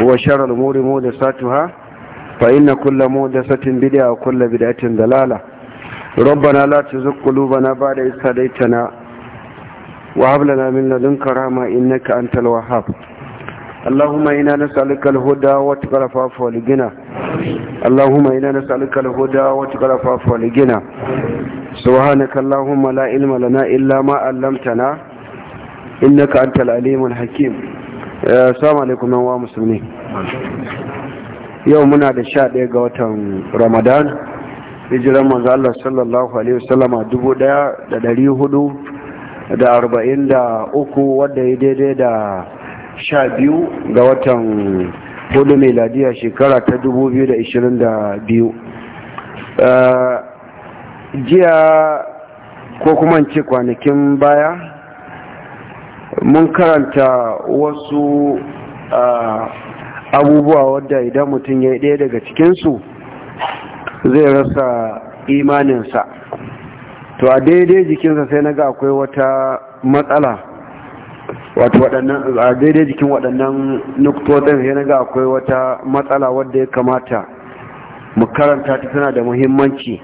وشر الأمور مودساتها فإن كل مودسة بدعة وكل بدعة ضلالة ربنا لا تزغ قلوبنا بعد إذ هديتنا وهب لنا من لدنك رحمة إنك أنت الوهاب اللهم إنا نسألك الهدى واتقى العفاف والغنى اللهم إنا نسألك الهدى واتقى العفاف والغنى سبحانك اللهم لا علم لنا إلا ما علمتنا إنك أنت العليم الحكيم Eh, assalamu alaikum yan wa musulmi. Yau muna da sha ɗaya ga watan Ramadan, hijiran manzo Allah sallallahu alaihi wasallama dubu ɗaya da ɗari hudu da arba'in da uku wadda ya daidai da sha biyu ga watan hudu meladiya shekara ta dubu biyu da ishirin da biyu. Eh, jiya ko kuma ce kwanakin baya mun karanta wasu abubuwa wadda idan mutum ya ɗaya daga cikinsu zai rasa imaninsa to a daidai jikinsa sai na ga akwai wata matsala wato waɗannan a daidai jikin waɗannan nukutotin sai na ga akwai wata matsala wadda ya kamata mu karanta ta tana da muhimmanci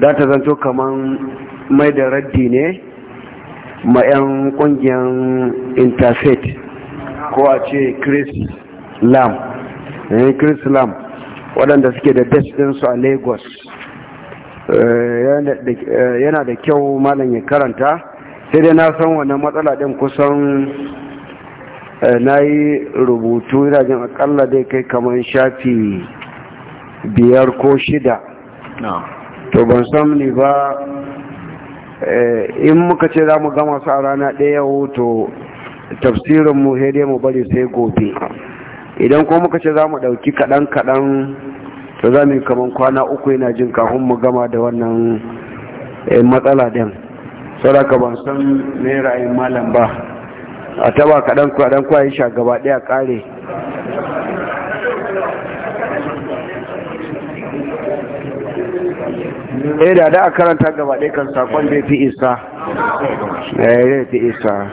za ta zanto kamar mai da raddi ne ma 'yan kungiyar interfaith ko a ce chris lam eh, chris lam waɗanda suke da desk ɗinsu a lagos eh, eh, yana da kyau malam ya karanta sai dai na san wannan matsala ɗin kusan na yi rubutu jin akalla dai kai kamar shafi biyar ko shida to ban san ni ba Eh, in muka ce za mu gama su a rana ɗaya hoto mu dai mu bari sai gobe idan ko muka ce za mu ɗauki kaɗan-kaɗan to za mu yi kamar kwana uku yana jin kafin mu gama da wannan eh, matsala ɗin sauraka ban san mai ra'ayin malam ba a taba kaɗan-kaɗan kwayi sha gaba ɗaya ƙare eh da da karanta gaba ɗaya kan sakon da ya fi isa eh, ya fi isa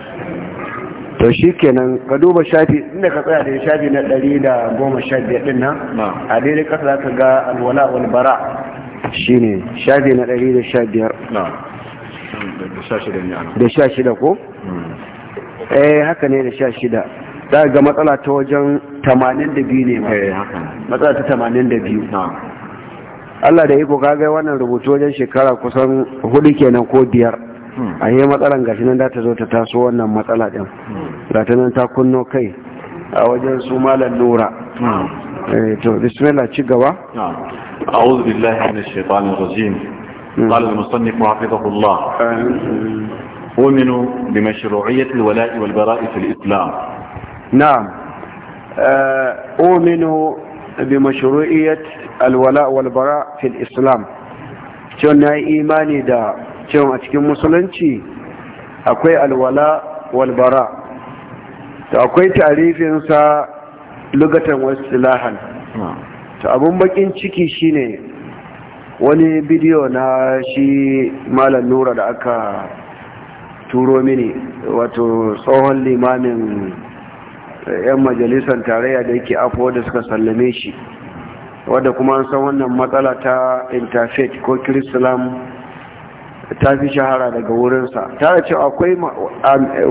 to shi kenan ka duba shafi inda ka tsaya da shafi na ɗari da goma sha biyar ɗin nan a daidai kasa za ka ga alwala walbara shi ne shafi na ɗari da sha biyar da sha shida ko? Hmm. eh haka ne da sha shida za ga matsala ta wajen tamanin da biyu ne eh, matsala ta tamanin da biyu. Allah da iko kaga wannan rubutu wajen shekara kusan hudu kenan ko biyar hmm. a yi matsalan gashi nan ta zo ta taso wannan matsala din hmm. ga ta nan ta kunno kai a wajen su malam lura. Hmm. Eh, to bismillah ci gaba a'udhu billahi minash shaitanir rajim qala al-musannif hafizahullah أؤمن بمشروعية الولاء والبراء في الإسلام نعم أؤمن بمشروعية alwala wal fil islam cewa na yi imani da cewa a cikin musulunci akwai alwala walbara, bara to akwai tarifinsa lugatan wasu silahan to abun bakin ciki shine wani bidiyo na shi malam nura da aka turo mini wato tsohon limamin eh, 'yan majalisar tarayya da yake afo da suka sallame shi wadda kuma an san wannan matsala ta interfaith ko kirislam ta fi shahara daga wurinsa ta da cewa akwai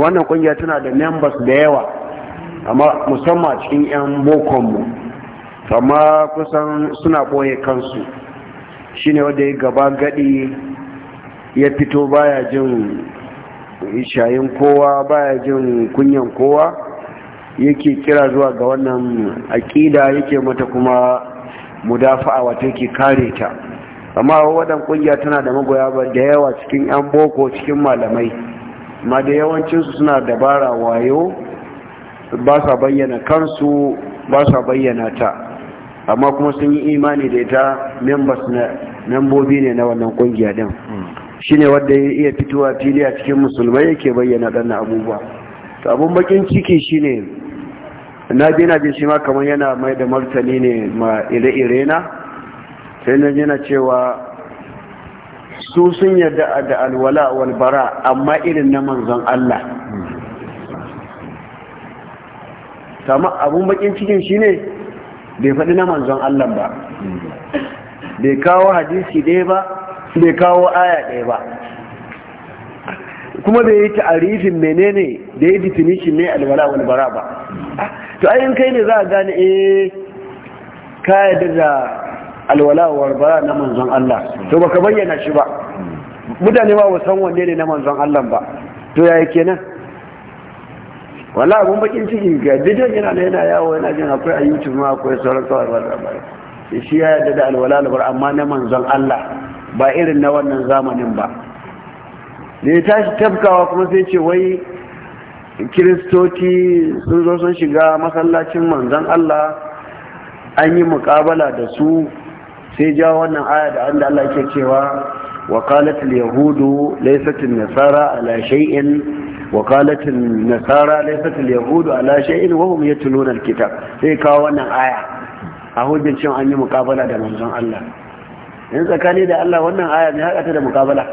wannan kungiya tana da members da yawa amma musamman cikin 'yan bokonmu amma kusan suna boye kansu shi ne wadda ya gaba gadi ya fito baya jin shayin kowa baya jin kunyan kowa yake kira zuwa ga wannan aƙida yake mata kuma mudafa'a wato yake kare ta amma wadan kungiya tana da magoya ba da yawa cikin yan boko cikin malamai ma da yawancinsu suna dabara wayo ba sa bayyana kansu ba sa bayyana ta amma kuma sun yi imani da ita membobi ne na wannan kungiya din shine wanda ya iya fitowa fili a cikin musulmai yake bayyana ɗan abubuwa abun bakin ciki shine na je na jin shi ma kamar yana mai da martani ne ma ire-ire na sai na je na cewa su sun yarda da alwala walbara amma irin na manzon Allah sama abun bakin cikin shi ne bai faɗi na manzon Allah ba bai kawo hadisi ɗaya ba bai kawo aya ɗaya ba kuma bai yi ta'arifin menene da ya definishin ne alwala walbara ba to ayin kai ne za a gane eh ka yadda da alwalawar bara na manzon Allah to baka bayyana shi ba mutane ba wa san wanne ne na manzon Allah ba to yaya kenan wala abun bakin ciki ga dijon yana da yana yawo yana jin akwai a youtube ma akwai sauran kawai ba da shi ya yadda da alwala labar amma na manzon Allah ba irin na wannan zamanin ba ne ya tashi tafkawa kuma sai ce wai kiristoci sun zo sun shiga masallacin manzan Allah an yi muƙabala da su sai ja wannan aya da an da Allah ke cewa وقالت اليهود ليست النصارى على شيء وقالت النصارى ليست اليهود على شيء وهم يتلون الكتاب sai kawo wannan aya a hujjin cin an yi mukabala da manzon Allah in tsakani da Allah wannan aya ne haɗa ta da mukabala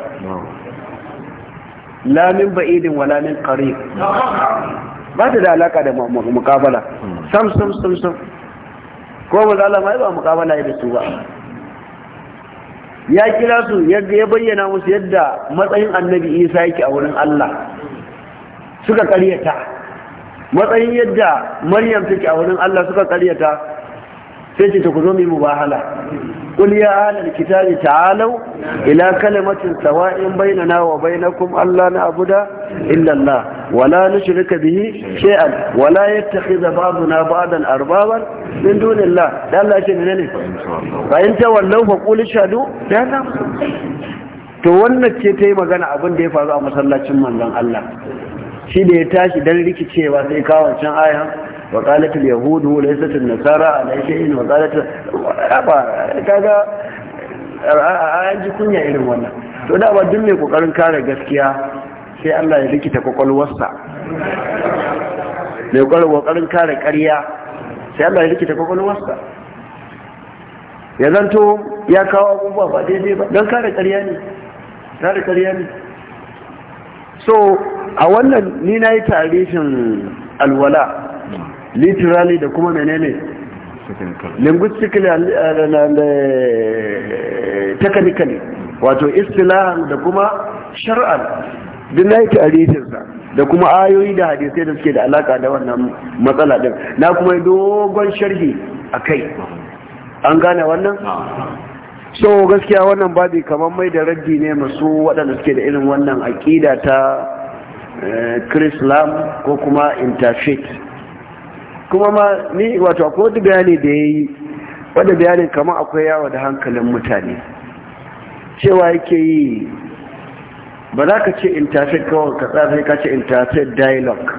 lamin ba'idin wa lamin qarib ba ta da alaka da mukabala sam sam sam sam ko ba za Allah ba mukabala ya da su ba ya kira su yadda ya bayyana musu yadda matsayin annabi Isa yake a wurin Allah suka karyata matsayin yadda Maryam take a wurin Allah suka karyata sai ce ta ku zo mu yi mubahala قل يا أهل الكتاب تعالوا إلى كلمة سواء بيننا وبينكم ألا نعبد إلا الله ولا نشرك به شيئا ولا يتخذ بعضنا بعضا أربابا من دون الله لا لا شيء من فإن تولوا فقول اشهدوا لا لا to wannan ce ta yi magana abin da ya faru a masallacin manzon Allah shi da ya tashi dan rikicewa sai kawo can ayan وقالت اليهود وليست النصارى على شيء وقالت kaga an ji kunya irin wannan to da ba duk mai kokarin kare gaskiya sai Allah ya rikita kwakwalwarsa mai kokarin kare ƙarya sai Allah ya rikita kwakwalwarsa ya zanto ya kawo abubuwa ba daidai ba don kare ƙarya ne kare ƙarya ne so a wannan ni na yi tarihin alwala literally da kuma menene linguistically and uh, uh, uh, technically wato istilahan da kuma shar'an din na yi tarihinsa da kuma ayoyi da hadisai da suke da alaka da wannan matsala din na kuma dogon sharhi a kai an gane wannan? so gaskiya wannan babi kamar mai da raddi ne masu waɗanda suke da irin wannan aƙida ta krislam eh, ko kuma interfaith kuma ma ni wato akwai wani bayani da ya yi wadda bayanin kamar akwai yawa da hankalin mutane cewa yake yi ba za ka ce intercept kawai ka tsara ka ce intercept dialogue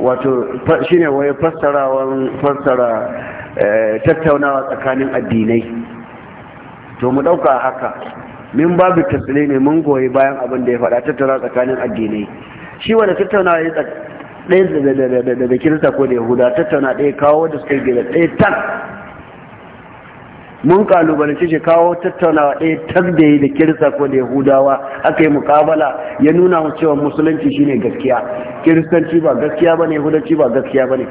wato shi ne wai fassara eh, tattaunawa tsakanin addinai to mu ɗauka haka min babu tasiri ne mun goyi bayan abin da ya faɗa tattaunawa tsakanin addinai shi wanda tattaunawa ya ɗaya da kirista ko da yahuda tattauna ɗaya kawo da suka gida ɗaya tan mun kalubalance shi kawo tattaunawa ɗaya tan da yi da kirista ko da yahudawa aka yi mukabala ya nuna mu cewa musulunci shine gaskiya kiristanci ba gaskiya ba ne yahudanci ba gaskiya ba ne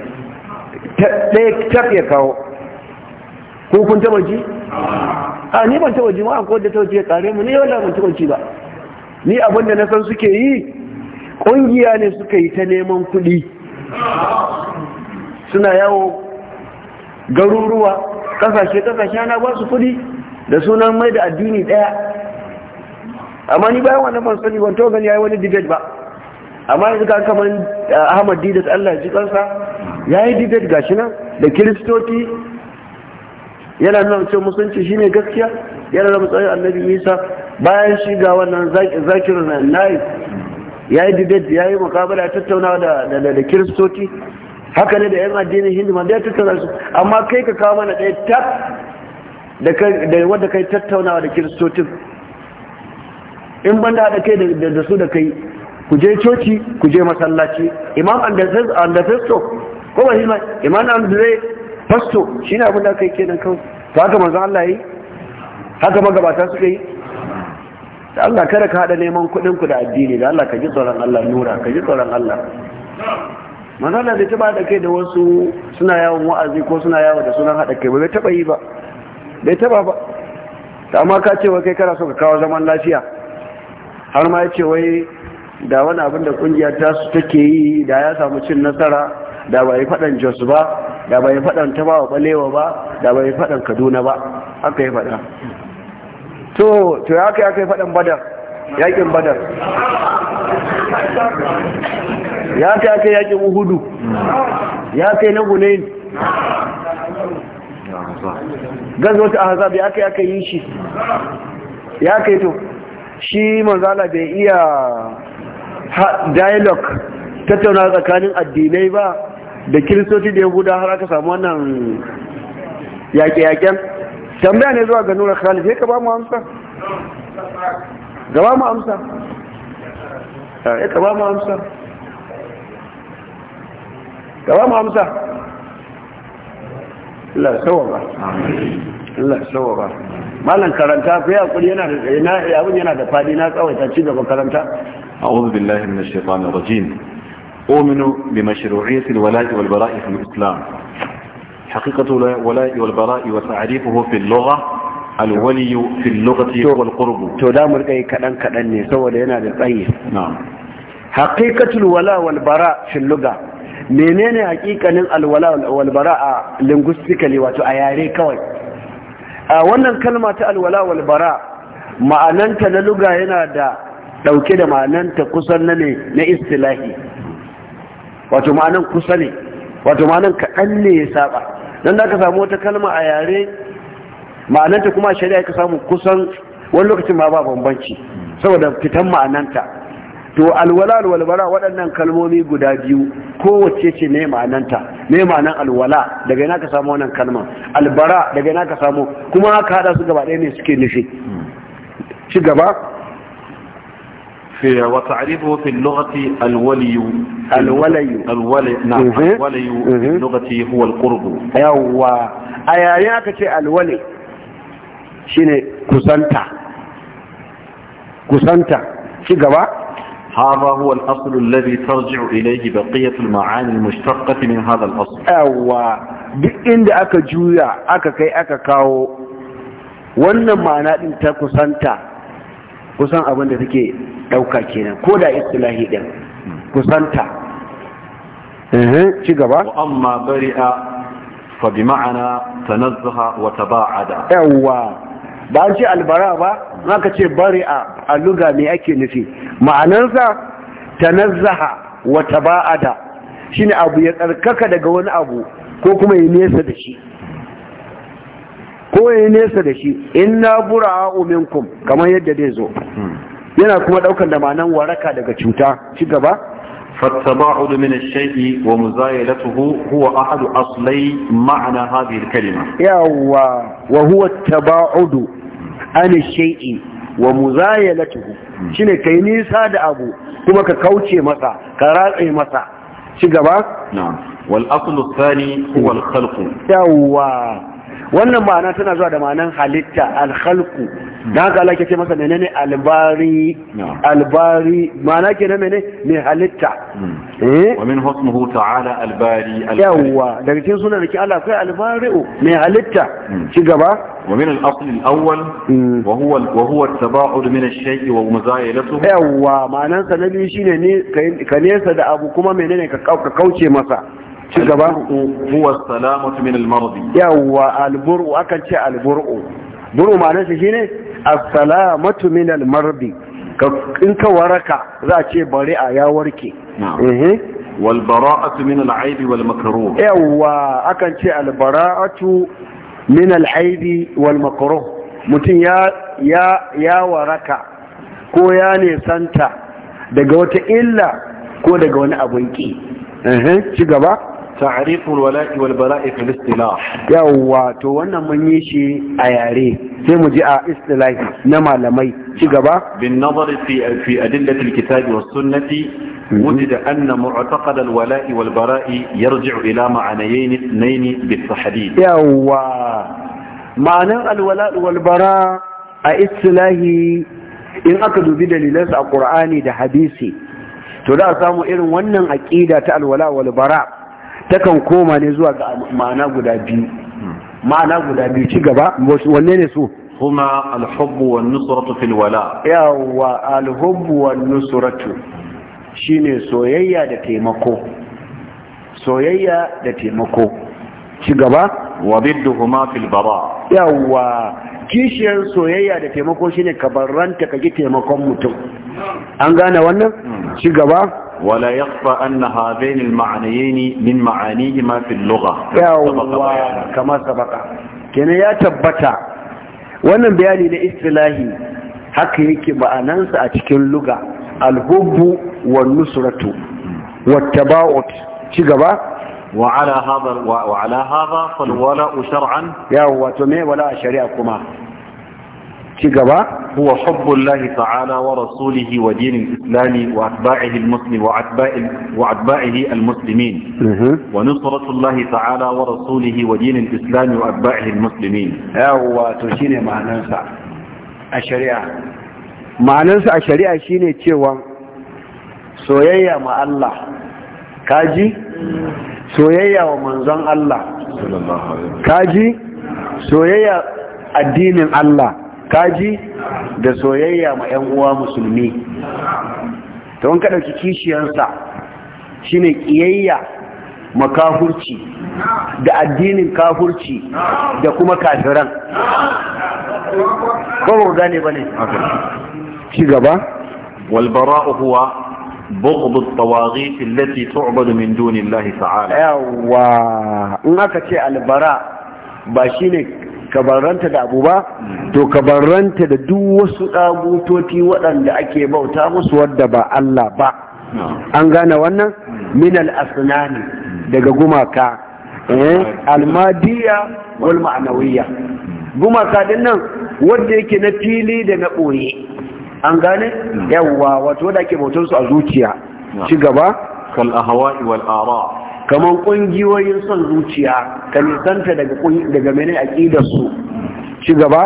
ɗaya tak ya kawo ko kun taba ji a ni ban taɓa ji ma ko da taba ji ya kare mu ne yau da ban taɓa ji ba ni abin da na san suke yi ƙungiya ne suka yi ta neman kuɗi suna yawo garuruwa ƙasashe ƙasashe Ana ba su kuɗi da sunan mai da addini ɗaya amma ni bayan wannan ban sani ban gani ya yi wani debate ba amma yanzu ka kamar eh, Ahmad didas Allah ji kansa ya yayi debate shi nan da Kiristoci yana nuna cewa musulunci shine gaskiya yana da matsayin Annabi Isa bayan shi ga wannan zakirin nai ya yi debate ya yi mukabala tattaunawa da da kiristoci haka ne da yan addinin hindu ma da tattauna su amma kai ka kawo mana ɗaya tak da wanda kai tattaunawa da kiristocin in ban da haɗa kai da su da kai ku je coci ku je masallaci imam andafasto ko ba shi an imam andre fasto shi ne abin da kai kenan kawai to haka manzan Allah yi haka magabata suka yi da Allah kada ka hada neman kuɗin ku da addini da Allah ka ji tsoron Allah nura ka ji tsoron Allah manzala da tuba da kai da wasu suna yawon wa'azi ko suna yawo da sunan hada kai ba bai taba yi ba bai taba ba amma ka ce wai kai kana so ka kawo zaman lafiya har ma ya ce wai da wani abin da kungiyar ta su take yi da ya samu cin nasara da bai faɗan Jos ba da bai faɗan Tabawa Balewa ba da bai faɗan Kaduna ba haka ya faɗa to to ya kai ya kai fadin badar yakin badar ya kai ya kai yakin uhudu ya kai na gunayin gazo ta haza ya kai ya kai yin shi ya kai to shi manzala bai iya dialogue tattauna tsakanin addinai ba da kiristoci da yahuda har aka samu wannan yaƙe-yaƙen tambaya ne zuwa ga nura khalid sai ka ba mu amsa gaba mu amsa ya ka ba mu amsa gaba mu amsa Allah sawa ba Allah sawa ba malan karanta ku ya kuri yana da abin yana da fadi na tsawaita ci gaba karanta أعوذ بالله من الشيطان الرجيم أؤمن بمشروعية الولاء والبراء في الإسلام حقيقة الولاء والبراء وتعريفه في اللغة الولي في اللغة والقرب تدام رقي كدن كدن يسوى لنا للطيب نعم حقيقة الولاء والبراء في اللغة menene hakikanin alwala walbara a linguistically wato a yare kawai a wannan kalma ta alwala walbara ma'ananta na luga yana da dauke da ma'ananta kusan ne na istilahi wato ma'anan kusa ne wato ma'anan kaɗan ne ya saba don da aka samu wata kalma a yare ma'ananta kuma shari'a ka samu kusan wani lokacin ma ba bambanci saboda fitan ma'ananta to alwala alwalbara waɗannan kalmomi guda biyu kowace ce ne ma'ananta ne ma'anan alwala daga yana ka samu wannan kalma albara daga yana ka samu kuma haka haɗa su gaba ɗaya ne suke nufi ci gaba في وتعريفه في اللغة الولي الولي الولي نعم الولي في اللغة هو القرب يوا أيا ياك الولي شيني كسنتا كسنتا شي هذا هو الأصل الذي ترجع إليه بقية المعاني المشتقة من هذا الأصل أوا بإند أكا جويا أكا كي أكا كاو wannan ma'ana ɗin ta kusanta kusan abin da take ɗauka kenan ko da istilahi ɗin kusanta ci gaba wa amma bari'a fa bi ma'ana tanazzaha wa taba'ada yawwa ba an ce albara ba aka ce bari'a a luga me ake nufi ma'anarsa tanazzaha wa taba'ada shine abu ya tsarkaka daga wani abu ko kuma ya nesa da shi ko ya nesa da shi inna bura'u minkum kamar yadda dai zo hmm. yana kuma ɗaukar da ma'anan waraka daga cuta ci gaba فالتباعد من الشيء ومزايلته هو أحد أصلي معنى هذه الكلمة يوا وهو التباعد عن الشيء ومزايلته شنو كيني ساد أبو كما كوتشي مسا كراتي مسا شقبا نعم والأصل الثاني هو الخلق يوا wannan ma'ana tana zuwa da ma'anan halitta alhalku da haka Allah ke ce masa menene albari albari ma'ana ke na mene mai halitta eh? wa min husnuhu ta'ala albari yawa daga cikin sunan da ke Allah akwai albari'u mai halitta hmm. ci gaba Wa hmm. wa awwal, ومن الأصل الأول وهو وهو wa من الشيء ومزايلته يوا معناه سنبي شيء ne ka nesa da abu kuma menene ka kauce masa ci gaba huwa salamatu min al-marad yawa al-bur'u akan ce al-bur'u bur'u ma'anar shi shine as-salamatu min al-marad in ka waraka za a ce a ya warke wal bara'atu min al-aibi wal makruh yawa akan ce al-bara'atu min al-aibi wal makruh mutum ya waraka ko ya nisanta daga wata illa ko daga wani abun ki ci gaba ta'riful wala'i wal bara'i fil istilah yawa to wannan mun yi shi a yare sai mu ji a istilahi na malamai ci gaba bin nazari fi fi adillati al kitabi was sunnati وجد أن معتقد الولاء والبراء yawa إلى معنيين اثنين بالتحديد يوا معنى الولاء in aka dubi أكدوا a القرآن da حديثي to da samu irin wannan aqida ta alwala wal bara takan koma ne zuwa ga ma'ana guda biyu ma'ana guda biyu ci gaba wanne ne su هما الحب والنصرة في Yawa alhubbu الحب nusratu shine soyayya da taimako soyayya da taimako ci gaba wa bidduhuma fil bara yawa kishiyar soyayya da taimako shine ka kage ka ji taimakon mutum an gane wannan hmm. ci gaba ولا يخفى أن هذين المعنيين من معانيهما في اللغة يا كما سبق كان يا تبتا wannan bayani na istilahi haka yake ba'anansa a cikin luga alhubbu wa nusratu wa tabawut ci gaba wa ala hadha wa ala yawa me wala shari'a kuma ci gaba huwa hubbullahi ta'ala wa rasulihi wa dinil islami wa atba'ihi almuslim wa atba'i wa atba'ihi almuslimin mhm. wa nusratullahi ta'ala wa rasulihi wa dinil islami wa atba'ihi almuslimin yawa to shine ma'anarsa a shari'a ma'anarsa a shari'a shine cewa soyayya ma Allah kaji soyayya wa manzon Allah kaji soyayya addinin Allah kaji da soyayya ma 'yan uwa musulmi ta wanka ɗauki kishiyarsa shine ƙiyayya ma kafurci da addinin kafurci da kuma kafiran ko ba ne ba ne ci gaba Walbara huwa bughdu at-tawaghit allati tu'badu min duni Allah ta'ala yawa in aka ce albara ba shine ka da abu ba to ka da duk wasu ɗagutoti waɗanda ake bauta musu wadda ba Allah ba an gane wannan min al-asnani daga gumaka eh, almadiya wal ma'anawiya gumaka din nan wanda yake na fili da na ɓoye an gane yawwa wato da ake bautar su a zuciya ci gaba kal ahwa'i wal ara kamar ƙungiyoyin son zuciya ka nisanta daga daga mene aqidar su ci gaba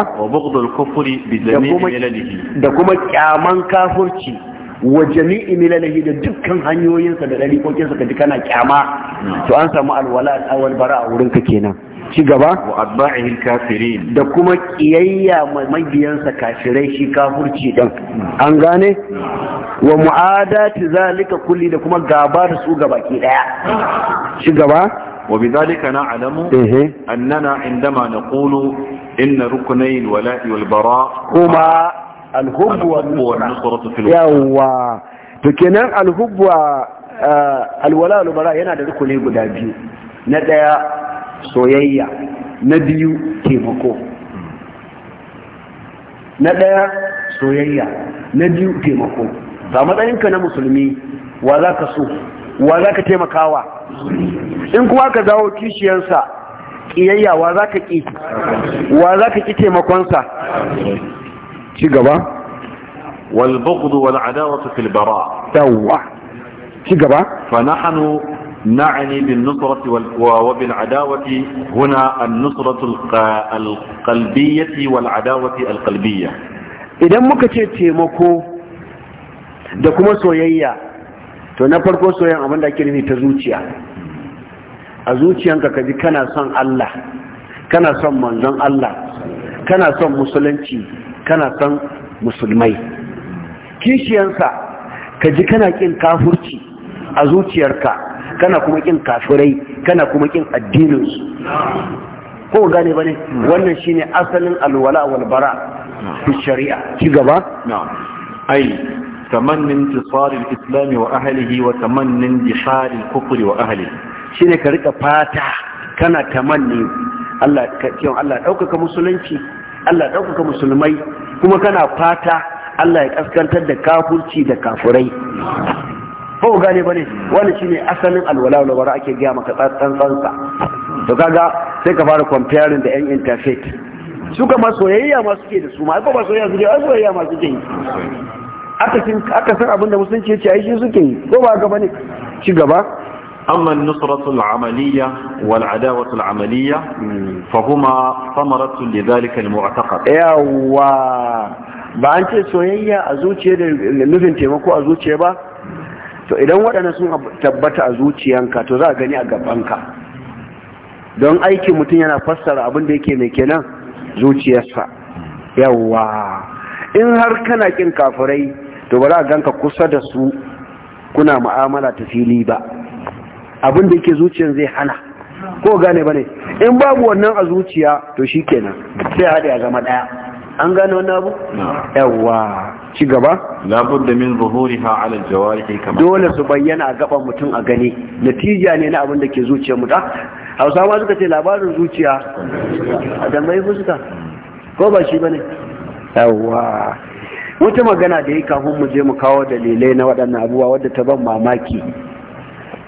da kuma kyaman kafurci. wa jami'i milalahi da dukkan hanyoyinsa da ɗariƙokinsa ka ji kana kyama to an samu alwala awal bara a wurinka kenan ci gaba wa atba'ihi kafirin da kuma kiyayya magiyansa kafirai shi kafurci dan. an gane wa mu'adati zalika kulli da kuma gaba da su gabaki daya ci gaba Wa وبذلك نعلم أننا عندما نقول إن ركني الولاء والبراء Kuma. alhubbu yawa to kenan alhubbu eh, alwala wal yana da rukuni guda biyu na daya soyayya na biyu taimako na daya soyayya na biyu taimako ba matsayinka na musulmi wa za ka so wa za ka taimakawa in kuma ka zawo kishiyansa ƙiyayya wa za ka ƙi wa za ka ƙi taimakonsa ci gaba wal bughd wal adawatu fil bara yawa ci gaba fa nahnu نعني بالنصرة وبالعداوة هنا النصرة القلبية والعداوة القلبية muka ce taimako da kuma soyayya to na farko soyayya abin da ake nufi ta zuciya a zuciyanka ka ji kana son Allah kana son manzon Allah kana son musulunci kana son musulmai kishiyansa ka ji kana kin kafurci a zuciyarka kana kuma kin kafirai kana kuma kin addininsu ko gane ba ne hmm. wannan shi ne asalin alwala wal bara fi hmm. shari'a ci gaba ai tamannin tisarin islami wa ahalihi wa tamannin disharin kufuri wa ahalihi ne ka rika fata kana tamanni Allah ka Allah ɗaukaka musulunci Allah ya ɗaukaka musulmai kuma kana fata Allah ya kaskantar da kafurci da kafurai Ko gane ba ne wani shi ne asalin alwala wala ake gaya maka tsantsansa to kaga sai ka fara comparing da yan interfaith su kama soyayya ma suke da su ma ba soyayya suke ai soyayya ma suke yi aka san abin da musulunci ya ce ai shi suke yi ko ba gaba ne ci gaba أما النصرة العملية والعداوة العملية فهما ثمرة لذلك المعتقد يوا ba an ce soyayya a zuciya da nufin taimako a zuciya ba to idan waɗanda sun tabbata a zuciyanka to za a gani a gabanka don aikin mutum yana fassara abin da yake mai kenan zuciyarsa yawa in har kana kin kafirai to ba za a ganka kusa da su kuna mu'amala ta fili ba abin da yake zuciyar zai hana ko gane ba ne in babu wannan a zuciya to shi kenan sai haɗe a zama ɗaya an gane wannan abu? yawa ci gaba? da min zuhuri ha alal ke kamar dole su bayyana a gaban mutum a gani natija ne na abin da ke zuciyar mutum hausawa suka ce labarin zuciya a dambayi fuska ko ba shi ba ne yawa wata magana da ya kafin mu je mu kawo dalilai na waɗannan abubuwa wadda ta ban mamaki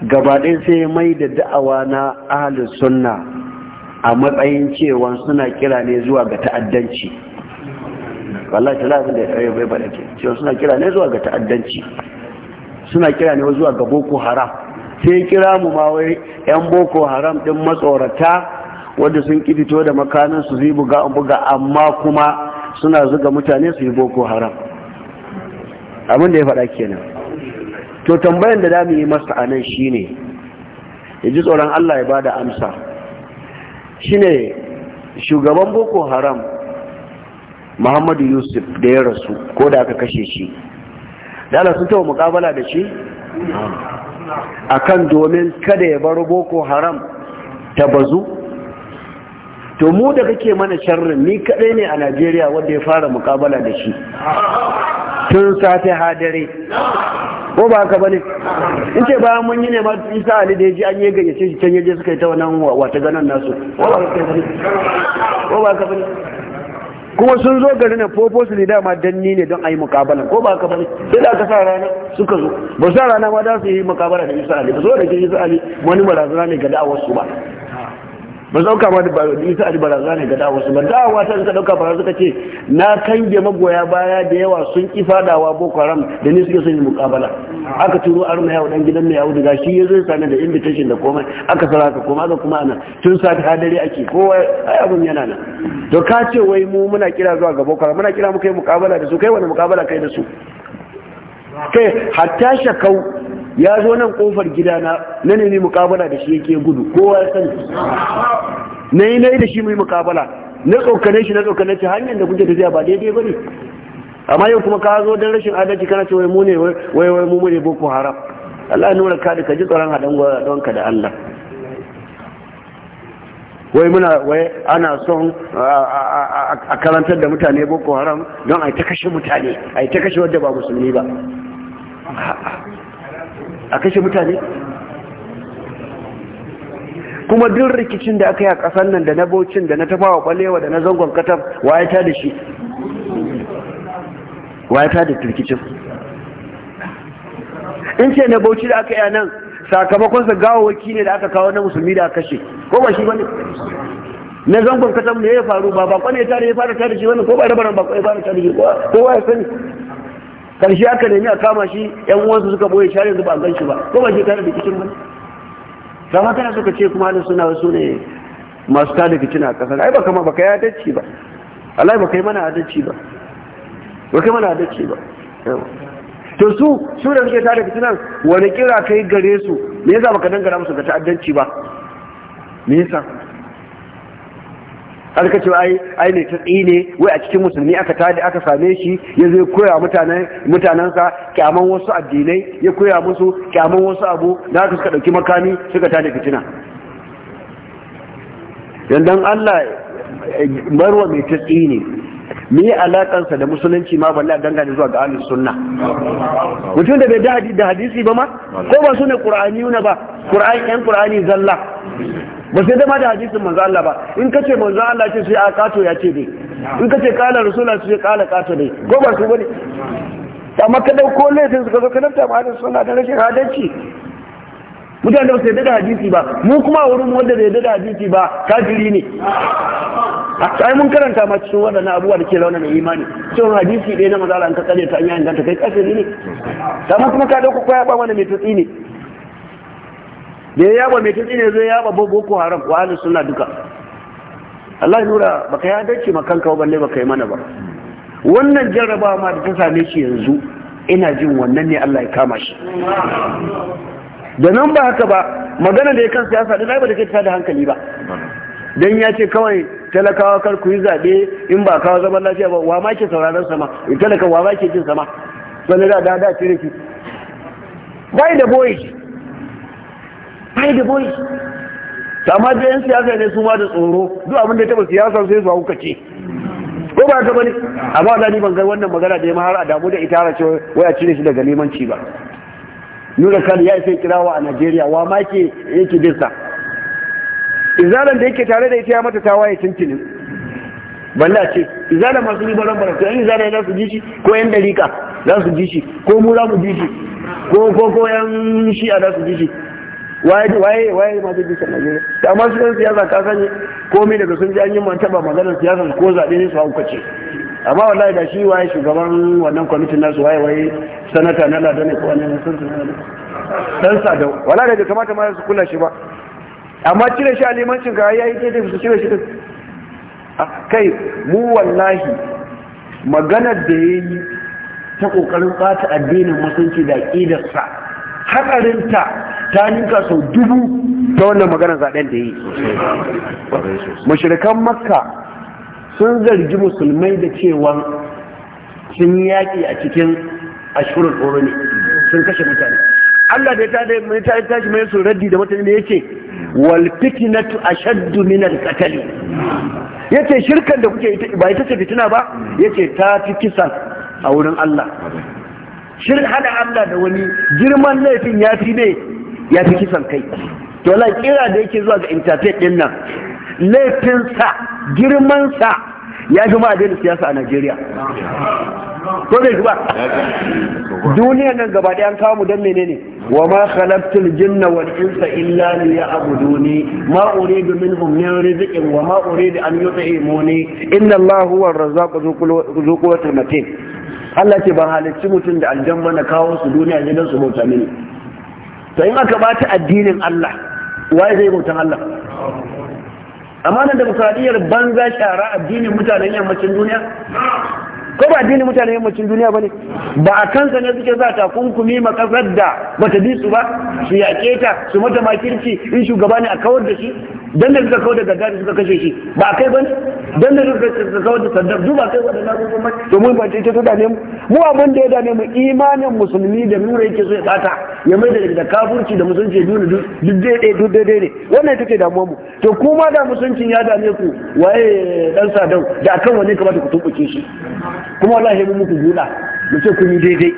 gabaɗin sai mai da da'awa na ahalin sunna a matsayin cewa suna kira ne zuwa ga ta'addanci wallahi lafi da ya bai bada ke cewa suna kira ne zuwa ga ta'addanci suna kira ne zuwa ga boko haram sai kira mu ma wai yan boko haram din matsorata wadda sun ki fito da makanin su zai buga buga amma kuma suna zuga mutane su yi boko haram abin da ya faɗa kenan to tambayan da zamu yi masa anan shine ya ji tsoron Allah ya bada amsa shine shugaban boko haram Muhammadu Yusuf da ya rasu ko da aka kashe shi da Allah sun taɓa mukabala da shi akan domin kada ya bar boko haram ta bazu to mu da kake mana sharrin ni kadai ne a Najeriya wanda ya fara mukabala da shi tun safe hadare ko ba ka bane in ce bayan mun yi ne ma isa ali da yaji an yi gayyace shi can yaje suka yi ta wannan wata ganan nasu ko ba ka bane ko ba ka bane kuma sun zo garin na popos ne dama danni ne don a yi mukabala ko ba ka bane sai da aka sa rana suka zo ba sa rana ma za su yi mukabala da isa ali ba zo da ke isa ali wani barazana ne ga da'awar su ba ba dauka ma isa ali barazana ne ga dawo su ba Da wata suka dauka barazana suka ce na kange magoya baya da yawa sun ki fadawa boko haram da ni suke son yi mukabala aka turo arma yawo dan gidan mai auduga shi ya zo sanar da invitation da komai aka sara ka koma ga kuma nan tun sa ta dare ake kowa ai abun yana nan to ka ce wai mu muna kira zuwa ga boko haram muna kira muka yi mukabala da su kai wani mukabala kai da su kai hatta shakau ya zo nan kofar gidana na nemi mukabala da shi yake gudu kowa ya sani na yi na yi da shi mai mukabala na tsokane shi na tsokane shi, hanyar da kuke tafiya ba daidai ba ne amma yau kuma ka zo don rashin adalci kana ce wai mu ne wai wai mu ne boko haram Allah ya nuna ka da ka ji tsoron haɗin ka da Allah wai muna wai ana son a karantar da mutane boko haram don a ta kashe mutane a ta kashe wadda ba musulmi ba a kashe mutane kuma duk rikicin da aka yi a ƙasar nan da na bocin da na tafawa kwalewa da na zangon katam wayata da shi wayata da rikicin in ce na bocin da aka yi a nan sakamakonsa gawawaki ne da aka kawo na musulmi da aka kashe ko ba shi ba ne na zangon katam ne ya faru ba bakon ya tare ya fara tare shi wani ko ba rabaran bakon ya fara tare shi Ko ba ya sani karshe aka nemi a kama shi yan uwansu suka boye shari'a yanzu ba a ganshi ba ko ba shi tare da kicin bane sama kana suka ce kuma da suna wasu ne masu ta da kicin a kasar ai kama ba baka ya dace ba Allah ba yi mana adalci ba Ba yi mana adalci ba to su su da suke da kicin wani kira kai gare su me yasa baka dangara musu ga ta'addanci ba me yasa har ka ce ai ai ne ta tsine wai a cikin musulmi aka tada aka same shi ya zai koya mutanen kyaman wasu addinai ya koya musu kyaman wasu abu da haka suka dauki makami suka tada fitina dan Allah marwa mai ta tsine me yi alakansa da musulunci ma balla a dangane zuwa ga ahlus sunna mutum da bai da hadisi ba ma ko ba su ne ba qur'ani yan qur'ani zalla ba sai dama da hadisin manzo Allah ba in kace manzo Allah ce sai a kato ya ce dai in kace kala rasula su ce kala kato dai ko ba su bane amma ka dauko laifin su ka zo ka nafta ma da sunna da rashin adalci mutane ba su yadda da hadisi ba mu kuma a wurin wanda bai yadda da hadisi ba kafiri ne sai mun karanta ma cikin wannan abubuwa da ke launa mai imani cewa hadisi ɗaya na mazala an ka tsare ta an yayin kai kafiri ne amma kuma ka dauko koya ba wani mai tutsi ne da ya yaba mai tutsi ne zai yaba boko haram wa ahlus sunna duka Allah ya nura baka ya dace makanka ba balle baka yi mana ba wannan jarraba ma da ta same shi yanzu ina jin wannan ne Allah ya kama shi da nan ba haka ba magana da ya kan siyasa da ba da ke da hankali ba dan ya ce kawai talakawa kar ku yi zaɓe in ba kawo zaman lafiya ba wa ma ke sauraron sama talaka wa ma ke jin sama sanar da da da cire ki bai da boye ne da voice ta ma da yan siyasa ne su ma da tsoro duk abin da ya taba siyasa sai zuwa hauka ce ko ba ta bane amma da ni ban ga wannan magana da ya har a damu da ita ce waya cire shi daga limanci ba nuna kan ya sai kirawa a Najeriya wa ma ke yake bisa izalan da yake tare da ita ya mata tawaye tuntunin balla ce izalan masu libaran barasa yan izalan za su ji shi ko yan dariƙa za su ji shi ko mu za mu ji shi ko ko ko yan shi'a za su ji shi waye waye waye ma zai bisa Najeriya da amma su yan siyasa ka sani komai daga sun ji an yi mantaba maganar siyasa ko zaɓe ne su haukace amma wallahi da shi waye shugaban wannan kwamitin nasu waye waye sanata na lada ne ko wannan sun sun dan sadau wallahi da kamata ma su kula shi ba amma cire shi a limancin ka yayi da su cire shi kai mu wallahi maganar da yayi ta kokarin bata addinin musulunci da aqidarsa hatsarinta ta ninka sau dubu ta wannan maganar zaɓen da yi mashirikan makka sun zargi musulmai da cewa sun yaƙi a cikin ashirin tsoro ne sun kashe mutane Allah da ya tada mai ta tashi mai sun raddi da mutane ya ce wal fitnatu ashaddu min al qatl yace shirkan da kuke ba ita ce fitina ba yace ta fi kisa a wurin Allah shirin hada Allah da wani girman laifin ya fi ne ya fi kisan kai to la kira da yake zuwa ga interfaith din nan laifinsa girmansa ya fi ma da siyasa a Najeriya ko bai ba duniya nan gaba ɗaya kawo mu don menene wa ma khalaqtul jinna wal insa illa liya'buduni ma uridu minhum min rizqin wa ma uridu an yut'imuni inna allaha huwa razzaqu dhu quwwatil matin Allah ce ban halicci mutum da aljan mana kawo su duniya gidan su bauta mini to in aka bata addinin Allah waye zai bauta Allah amma nan da misaliyar banza shara addinin mutanen yammacin duniya ko ba addinin mutanen yammacin duniya bane ba a kansa ne suke za ta kunkumi makasar da bata bi su ba su yaƙe ta su mata makirci in shugaba ne a kawar da shi dan da suka kawo da gaggari suka kashe shi ba kai bane dan da suka kawo da sandar duba kai waɗannan mai? to mun bace ta dane mu mu abin da ya dane mu imanin musulmi da nura yake so ya bata ya mai da kafurci da musulunci duk dai dai duk dai ne wannan ita ce damuwa mu to kuma da musuluncin ya dame ku waye dan sadau da akan wanne kamata ku tumbuke shi kuma wallahi mun muku gula mu ce kun yi daidai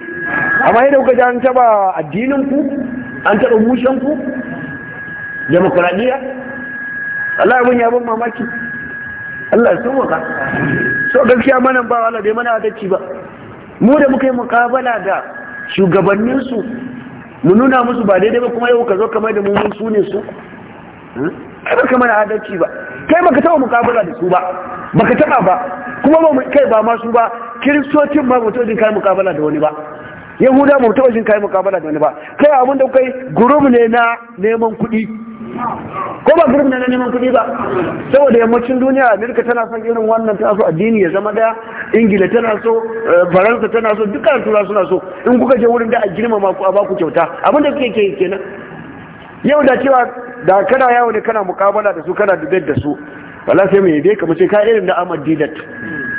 amma yadda kuka ji an taba addinin ku an taba mushen ku demokradiya Allah abin ya mamaki Allah ya waka so gaskiya mana ba Allah bai mana adalci ba mu da muka yi mukabala da shugabanninsu mu nuna musu ba daidai ba kuma yau ka zo kamar da mu mun ne su hmm? ai baka mana adalci ba kai baka taba mukabala da su ba baka taba ba kuma ba kai ba ma su ba kiristocin ma ba taba kai mukabala da wani ba yahuda ba taba kai mukabala da wani ba kai abin da kai gurum ne na neman kuɗi ko ba gurbin na neman kuɗi ba saboda yammacin duniya amerika tana son irin wannan ta so addini ya zama daya ingila tana so eh, faransa tana so dukkan tura suna so in kuka je wurin da a girmama ku a baku kyauta abin da kuke ke kenan yau da cewa da kana yawo ne kana mukabala da su kana dubar da su wala sai mu yabe ka mu ce ka irin da Ahmad Didat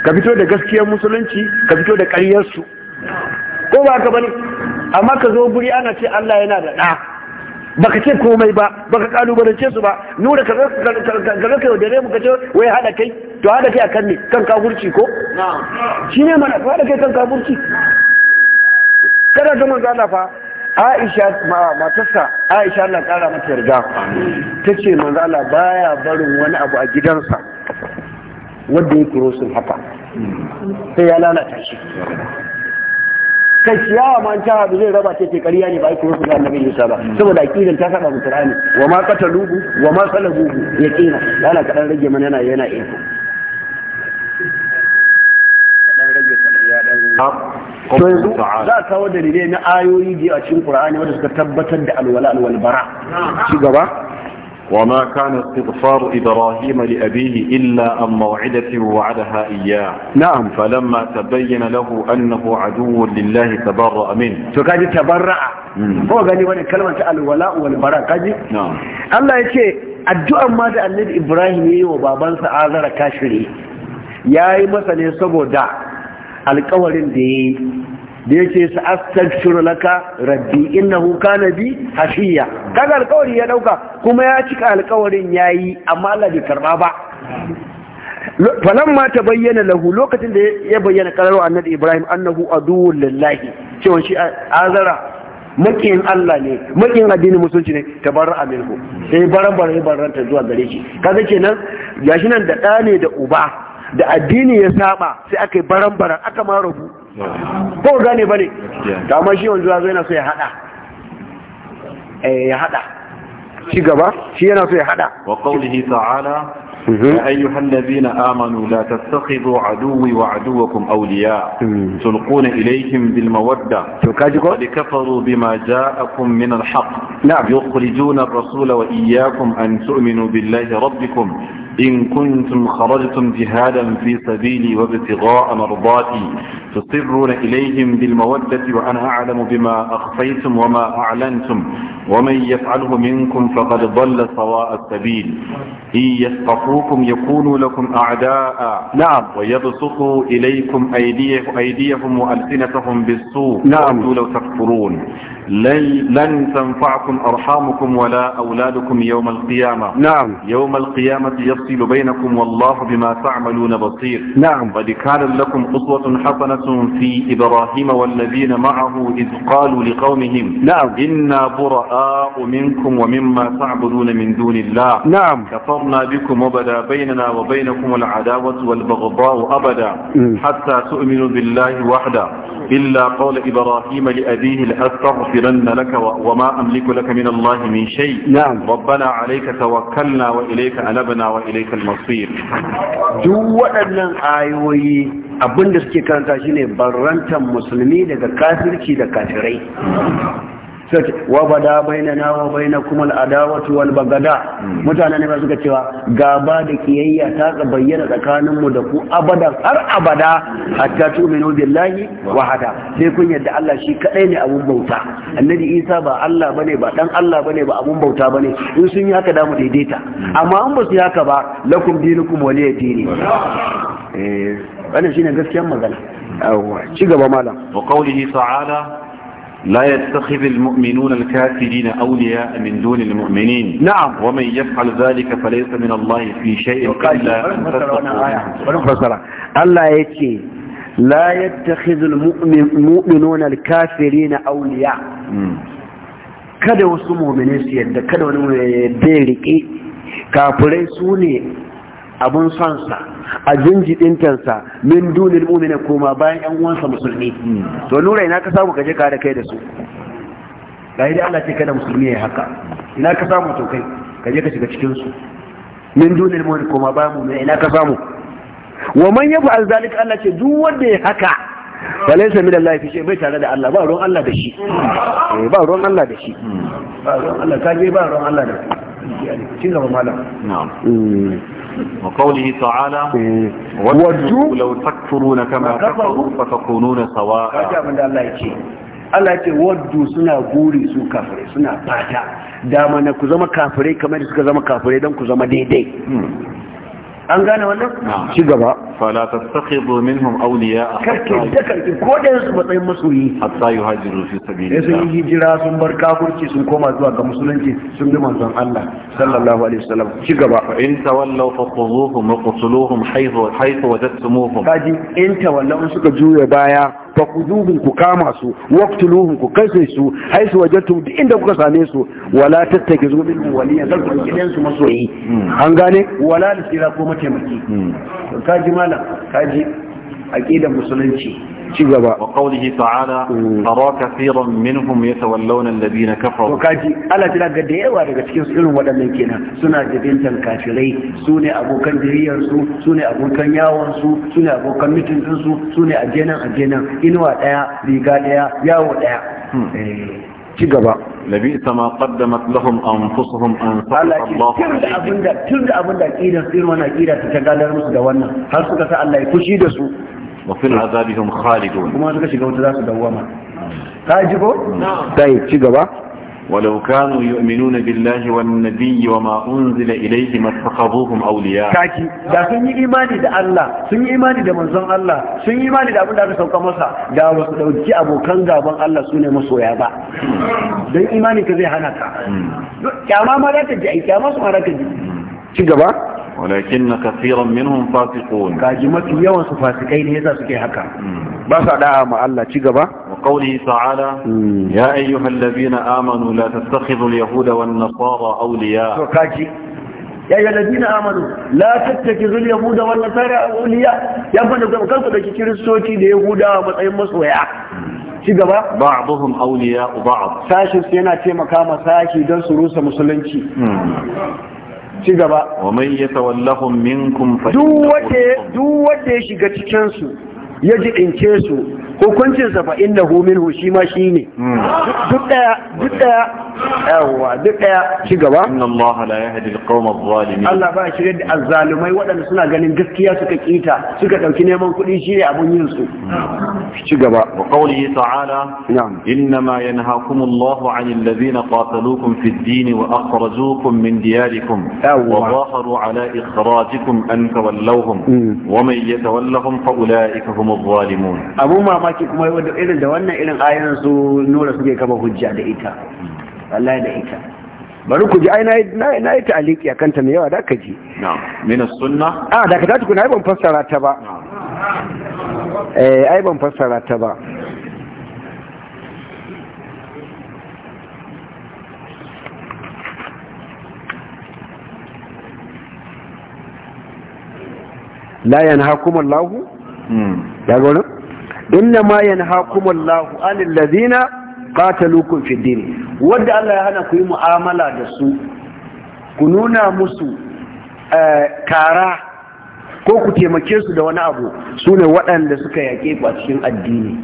ka fito da gaskiyar musulunci ka fito da ƙaryar su ko ba ka bane amma ka zo guri ana ce Allah yana da ɗa baka ce komai ba baka kalubalance su ba nuna ka ga kai da mu kace, ce wai hada kai to hada kai akan ne kan kafurci ko shi ne mana hada kai kan kafurci kada ga manzo Allah fa Aisha matarsa Aisha Allah kara mata yarda tace manzo Allah baya barin wani abu a gidansa wanda yake rosin haka sai ya lalata shi kai ciyawa ma an tawa zai raba ce ke kariya ne ba ake wasu ga annabi Isa ba saboda aqidar ta saba mu wa ma qataluhu wa ma salabu yaqina yana kadan rage mana yana yana iko to yanzu za a kawo dalilai na ayoyi biyu a cikin Qur'ani wanda suka tabbatar da alwala alwal bara shi gaba وما كان استغفار إبراهيم لأبيه إلا عن موعدة وعدها إياه نعم فلما تبين له أنه عدو لله تبرأ منه فقال تبرأ هو قال لي كلمة الولاء والبراء كاجي نعم الله يكي الدعاء ماذا الذي إبراهيم Ibrahim yayi wa يا Azara kashiri yayi masa ne da yake sa astaghfiru laka rabbi innahu kana bi hafiya kaga alƙawari ya ɗauka. kuma ya cika alƙawarin yayi amma Allah bai karba ba ma ta bayyana lahu lokacin da ya bayyana karar annabi Ibrahim annahu aduwwul lillahi cewa shi azara makin Allah ne makin addinin musulunci ne tabarra aminku sai baran baran ta zuwa gare shi kaga kenan gashi nan da ɗa ne da uba da addini ya saba sai aka yi baran-baran aka ma rabu ko gane ba ne amma shi wanzu zai na yana so ya hada eh, ya hada shi gaba shi yana so ya hada wa qawlihi ta'ala يا أيها الذين آمنوا لا تتخذوا عدوي وعدوكم أولياء تلقون إليهم بالمودة قد كفروا بما جاءكم من الحق نعم يخرجون الرسول وإياكم أن تؤمنوا بالله ربكم إن كنتم خرجتم جهادا في سبيلي وابتغاء مرضاتي تصرون إليهم بالمودة وأنا أعلم بما أخفيتم وما أعلنتم ومن يفعله منكم فقد ضل سواء السبيل إن يثقفون عدوكم يكونوا لكم أعداء نعم ويبسطوا إليكم أيديهم, أيديهم وألسنتهم بالسوء نعم لو تكفرون لن تنفعكم أرحامكم ولا أولادكم يوم القيامة نعم يوم القيامة يفصل بينكم والله بما تعملون بصير نعم قد كان لكم قصوة حسنة في إبراهيم والذين معه إذ قالوا لقومهم نعم إنا براء منكم ومما تعبدون من دون الله نعم كفرنا بكم وبدا بيننا وبينكم العداوة والبغضاء أبدا حتى تؤمنوا بالله وحده إلا قول إبراهيم لأبيه الأستغفر أغفرن لك وما أملك لك من الله من شيء نعم ربنا عليك توكلنا وإليك أنبنا وإليك المصير جو أن آيوي أبن دسكي كانت شيني برنتا مسلمي لك كافر كي لك كافرين sai wa bada bainana wa bainakum al-adawatu wal bagada hmm. mutanen ne ba suka cewa gaba da kiyayya ta bayyana tsakanin mu da ku abadan har abada hatta tu'minu billahi wahada sai kun yadda Allah shi kadai ne abun bauta annabi Isa ba Allah bane ba dan Allah bane ba abun bauta bane in sun yi haka da mu daidaita hmm. amma an ba su yi haka ba lakum dinukum waliya dini eh wannan shine gaskiyar magana ci gaba malam wa qawlihi ta'ala لا يتخذ المؤمنون الكافرين أولياء من دون المؤمنين نعم ومن يفعل ذلك فليس من الله في شيء إلا أن تتقوا الله يتي لا يتخذ المؤمنون الكافرين أولياء kada wasu mu'minin su yadda kada wani ya yadda riƙe kafirai su ne abun sonsa a jinjidintansa min dunil mu'mina koma bayan yan uwansa musulmi to nura ina ka samu kaje ka da kai da su dai da Allah ce kada musulmi ya haka ina ka samu to kai kaje ka shiga cikin su min dunil mu'min koma bayan mu'mina ina ka samu wa man yaf'al zalika Allah ce duk wanda ya haka falaisa min Allah fi shi bai tare da Allah ba ruwan Allah da shi ba ruwan Allah da shi ba ruwan Allah kaje ba ruwan Allah da shi shi gaba malam na'am وقوله تعالى ودوا لو تكفرون كما كفروا فتكونون سواء Allah ce waddu suna guri su kafirai suna fata dama na ku zama kafirai kamar da suka zama kafirai don ku zama daidai hmm. an gane wannan ci gaba fala tastakhidhu minhum awliya karke dakarki ko da su matsayin masoyi hatta yuhajiru fi sabilillah sun hijira sun bar kafirci sun koma zuwa ga musulunci sun bi manzon Allah sallallahu alaihi wasallam ci gaba in tawallaw qudhuhum wa qutuluhum haythu haythu wajadtumuhum kaji in tawallaw suka juya baya faquduhum ku kama su waqtuluhum ku kashe su haisu wajadtum duk inda kuka same su wala tattakizu minhum waliya zan ku kidan su masoyi hmm. an gane wala lisira ko mataimaki hmm. kaji malam kaji aqidan musulunci ci gaba wa qawlihi ta'ala tara mm. kaseeran minhum yatawallawna alladhina kafaru to kaji Allah tana ga da yawa daga cikin irin waɗannan kenan suna jibintan kafirai su ne abokan jiriyar su su ne abokan yawon su su ne abokan mitin su su ne ajenan ajenan inuwa daya riga daya yawo daya hmm. eh, ci gaba labi sama qaddamat lahum anfusuhum an sallallahu alaihi abinda tun da abinda kidan sirwana kida ta gadar musu da wannan har suka sa Allah ya fushi da su wa fil azabihum khalidun kuma suka shiga wuta za su dawwama ka ji ko sai ci gaba ولو كانوا يؤمنون بالله والنبي وما أنزل إليه ما اتخذوهم أولياء كاكي دا سن إيماني دا الله سن إيماني دا منزل الله سن إيماني دا أبن دا سوك مسا دا وكي أبو كان غابان الله سنة مسويا با دا إيماني كذي هنكا كاما ما لا تجي كاما سمع لا تجي شو walakin na kafiran minhum fasiqun kaji mafi yawan su fasikai ne yasa suke haka hmm. ba sa da'a ma Allah ci gaba qawli ta'ala hmm. ya ayyuhal ladina amanu la tattakhidhu al yahuda wan nasara awliya to kaji ya yi ladina amanu la tattaki zul yahuda wal ya kiristoci da matsayin masoya hmm. ci gaba ba'dhum awliya ba'd sashin yana taimaka ma sashi don su rusa musulunci ci gaba wa man yatawallahum minkum fa duk wanda ya shiga cikin su ya ji su hukuncinsa fa innahu minhu shi ma shi ne duk daya duk daya yawa duk daya ci gaba inna allaha la yahdi alqawma adh-dhalimin Allah ba shi da azzalumai waɗanda suna ganin gaskiya suka kita suka dauki neman kuɗi shine abun yin su ci gaba wa qawlihi ta'ala na'am innama yanhaakum allahu 'anil ladhina qataluukum fid din wa akhrajuukum min diyarikum wa zaharu 'ala ikhrajikum an tawallawhum wa man yatawallahum fa ulaa'ika humudh-dhalimun abu mama mafaki kuma irin da wannan irin ayoyin su nura suke kama hujja da ita Allah da ita bari ku ji ai na yi ta'aliki a kanta mai yawa da ka ji min sunna a da ka ku na ban fassara ta ba eh ai ban fassara ta ba la yanhaakum Allahu hmm. ya ga inna ma yanhaakumullahu 'anil ladina qataluukum fid din wanda Allah ya hana ku yi mu'amala da su ku nuna musu eh, kara ko ku taimake su da wani abu su ne waɗanda suka yaƙe ku a cikin addini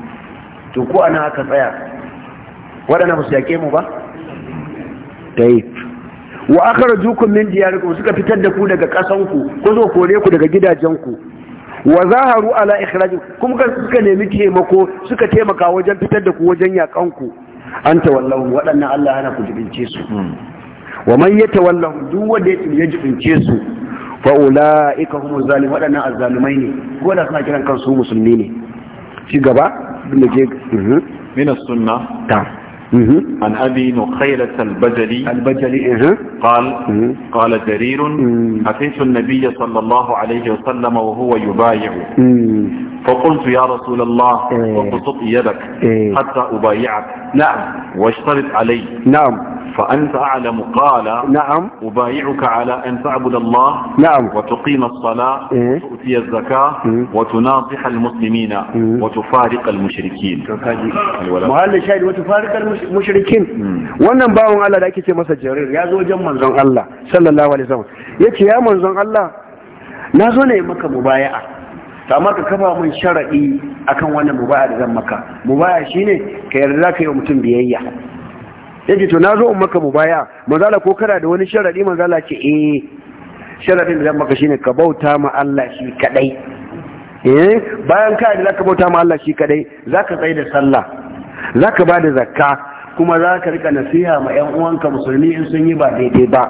to ko ana haka tsaya waɗanda ba su yaƙe mu ba yi. wa akhrajūkum min diyārikum suka fitar da ku daga ƙasanku ko zo kore ku daga gidajen ku. wa zaharu ala ikhrajin kuma suka nemi taimako suka taimaka wajen fitar da ku wajen yakan ku an tawallahu waɗannan Allah yana ku jibince su hmm. wa man yatawallahu duk wanda ya jibince su fa ulaika humu zalim waɗannan azzalumai ne ko da suna kiran kansu musulmi ne ci gaba bin da ke min as-sunnah ta عن أبي نخيلة البجلي البجلي قال قال جرير أتيت النبي صلى الله عليه وسلم وهو يبايع فقلت يا رسول الله فبسط إيه. يدك إيه. حتى أبايعك نعم واشترط علي نعم فأنت أعلم قال نعم أبايعك على أن تعبد الله نعم وتقيم الصلاة وتؤتي الزكاة وتناصح المسلمين وتفارق المشركين وتفارق المشركين wannan bawon Allah da ake ce masa jarir ya zo wajen manzon Allah sallallahu alaihi wasallam yace ya manzon Allah na zo yi maka mubaya'a amma ka kafa mun sharadi akan wannan mubaya'a da zan maka mubaya shine ka yarda ka yi wa mutum biyayya yake to na zo in maka mubaya manzala ko kana da wani sharadi manzala ce eh sharadin da zan maka shine ka bauta ma Allah shi kadai eh bayan ka da zaka bauta ma Allah shi kadai zaka tsaya da sallah zaka ba da zakka kuma za ka rika nasiha ma yan uwanka musulmi in sun yi ba daidai ba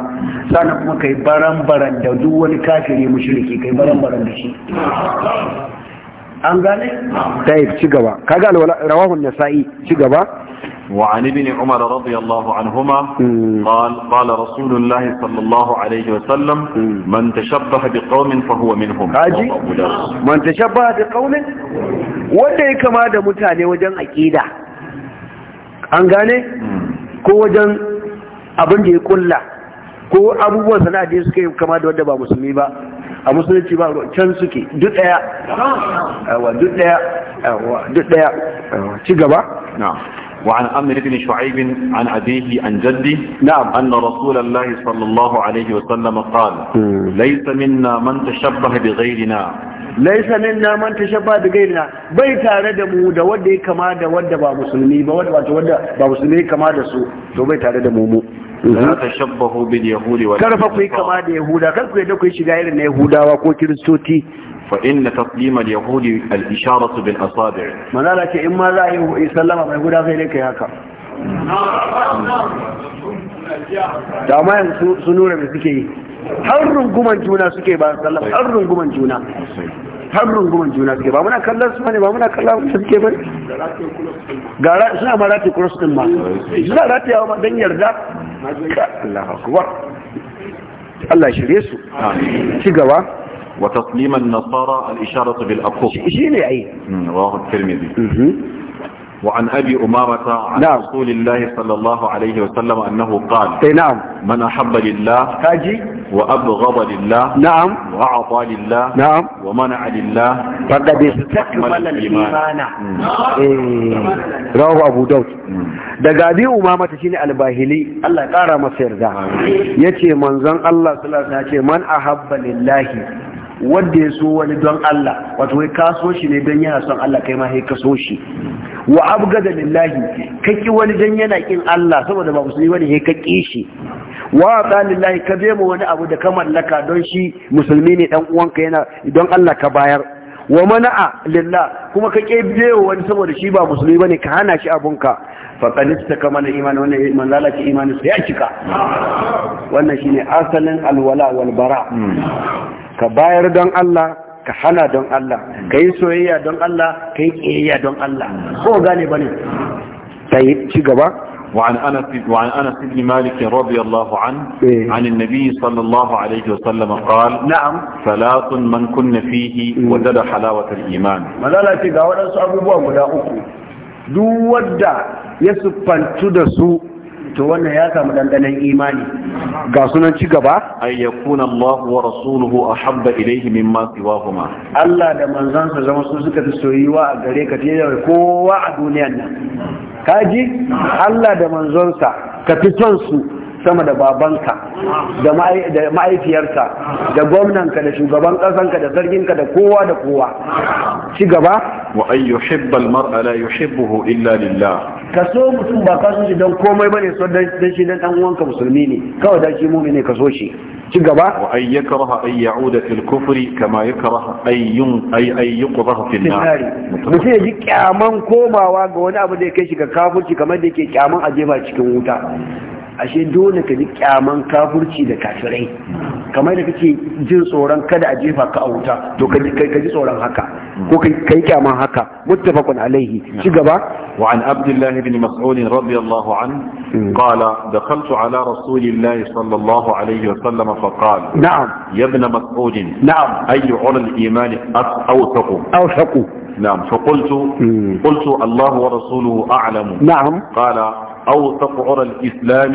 sannan kuma kai baran-baran da duk wani kafiri mushriki kai baran-baran da shi an gane? Tayyib ci gaba kaga rawahun nasa'i ci gaba وعن ابن عمر رضي الله عنهما قال قال رسول الله صلى الله عليه وسلم من تشبه بقوم فهو منهم أجي من تشبه بقوم وده كما ده متاني وجن أكيدة أنغاني كو وجن abin da ya kulla ko abubuwan sana'a da suke kama da wanda ba musulmi ba a musulunci ba can suke duk daya duk daya duk daya ci gaba وعن أمر بن شعيب عن أبيه عن جدي نعم أن رسول الله صلى الله عليه وسلم قال ليس منا من تشبه بغيرنا laisa minna man tashabba da gairina bai tare da mu da wanda ya kama da wanda ba musulmi ba wanda wato wanda ba musulmi kama da su to bai tare da mu mu mhm. tashabbahu bil yahudi kama da yadda shiga irin na yahudawa ko kiristoci فإن تطليم اليهود الإشارة بالأصابع ما لك إما لا يسلم ما يقول هذا لك يا كار دعمان سنورة بسكي هر قمان جونا سكي بار سلم هر طيب. قمان جونا هر قمان جونا سكي بامنا كلا سماني بامنا كلا سكي بار غارة سنة مراتي كرسكن ما سنة راتي هوا مدن يرزا الله أكبر الله يشريسو سيقوا وتسليم النصارى الإشارة بالأبخص شيني أي رواه الترمذي وعن أبي أمارة عن نعم. رسول الله صلى الله عليه وسلم أنه قال نعم من أحب لله كاجي وأبغض لله نعم وأعطى لله نعم ومنع لله فقد استكمل الإيمان رواه أبو داود daga abi umama ta shine albahili Allah ya kara masa yarda yace manzon Allah sallallahu alaihi wasallam yace man ahabba lillahi wanda ya so wani don Allah wato kai ka shi ne don yana son Allah kai ma kai ka shi wa abgada lillahi ka ki wani don yana kin Allah saboda ba musulmi bane kai ka ki shi wa ta lillahi ka bai mu wani abu da ka mallaka don shi musulmi ne dan uwanka yana don Allah ka bayar wa mana'a lillah kuma ka kebewa wani saboda shi ba musulmi bane ka hana shi abun ka fa qanista ka mana imani wannan iman lalace imani sai ya cika wannan shine asalin alwala wal bara hmm. ka bayar don Allah ka hana don Allah ka yi soyayya don Allah ka yi ƙiyayya don Allah ko gane ba ne ta yi ci gaba وعن أنس وعن أنس بن مالك رضي الله عنه إيه؟ عن النبي صلى الله عليه وسلم قال نعم ثلاث من كن فيه وجد حلاوة الإيمان ما لا لا تقاول أبو بوام لا أكو دو ودع يسفن تدسو to wannan ya samu dandanan imani ga sunan ci gaba ay yakuna Allah wa rasuluhu ahabba ilayhi mimma siwahuma Allah da manzansa zama su suka soyuwa a gare ka da kowa a duniyar nan kaji Allah da manzonsa ka fi son su sama da babanka da ma'aikiyarka da gwamnanka da shugaban ƙasanka da sarkinka da kowa da kowa ci gaba wa an mar'a la yuhibbuhu illa lillah ka so mutum ba ka so shi don komai bane so dan shi dan uwanka musulmi ne kawai dan shi mu'mini ka so shi ci gaba wa ay yakraha ay ya'uda fil kufri kama yakraha ay yun ay ay yuqdaha fil nar mutum ya ji kyaman komawa ga wani abu da ya kai shi ga kafirci kamar da yake kyaman a cikin wuta ashe dole ka ji kyaman kafurci da kafirai kamar da kake jin tsoron kada a jefa ka a wuta to ka ji tsoron haka ko ka yi kyaman haka muttafaqun alaihi ci gaba wa an abdullahi bin mas'ud radiyallahu an hmm. qala dakhaltu ala rasulillahi sallallahu alaihi wa sallam fa qala na'am ya ibn mas'ud na'am ayu ulul iman awthaqu awthaqu نعم فقلت قلت الله ورسوله اعلم نعم قال أو تقعر الإسلام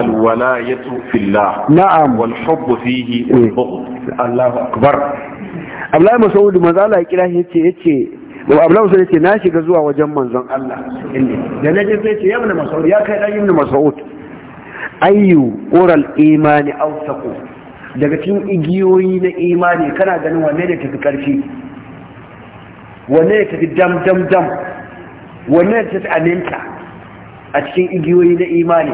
الولاية في الله نعم والحب فيه والبغض الله أكبر Abdullahi Mas'ud manzo Allah ya kira shi yace yace Abdullahi na shiga zuwa wajen manzon Allah da naje sai yace ya ibn Mas'ud ya kai dan daga cikin igiyoyi na imani kana ganin wanne ne tafi karfi wanne ne tafi dam dam dam wanne ne tafi aminta a cikin igiyoyi na imani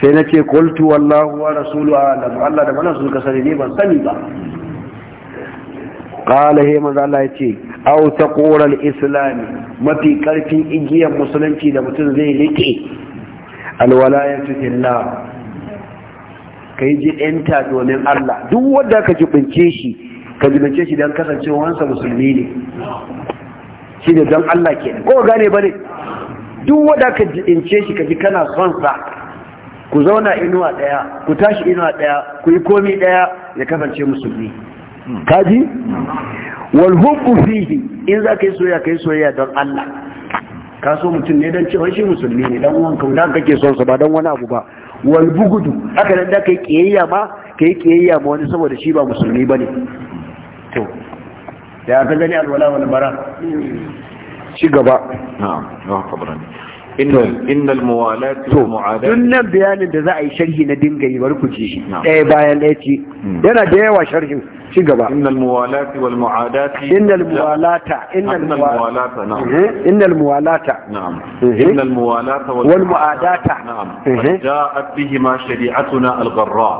sai na ce kultu wallahu wa rasulu alam Allah da manasu suka sani ne ban sani ba ƙala he maza Allah yace au ta ƙoral islami mafi ƙarfin igiyar musulunci da mutum zai rike alwalayatu lillah Ka ji enta domin Allah duk wanda ka jibince shi ka jibince shi kasancewa kasancewansa musulmi ne shi ne don Allah ke ko gane ne. duk wadda ka jiɗince shi ka ji kana son sa ku zauna inuwa daya, ku tashi inuwa daya, ku yi komi daya ya kasance musulmi hmm. kaji wal hubbu fihi in za ka yi soyayya ka yi soyayya don Allah ka so mutum ne don cewa shi musulmi ne dan wanka da kake son sa ba dan wani abu ba wal bugudu haka nan da kai kiyayya ma kai kiyayya ma wani saboda shi ba musulmi bane to da ka gani alwala wal bara ci gaba innal muwalat to dunnan bayanin da za a yi sharhi na dinga yi bari ku ji ɗaya bayan ɗaya ci hmm. yana da yawa sharhin ci gaba innal muwalat wal muadat innal muwalata innal muwalata na'am mhm. innal muwalata na'am mhm. innal muwalata wal muadata na'am mhm. ja'at bihi ma shari'atuna al gharra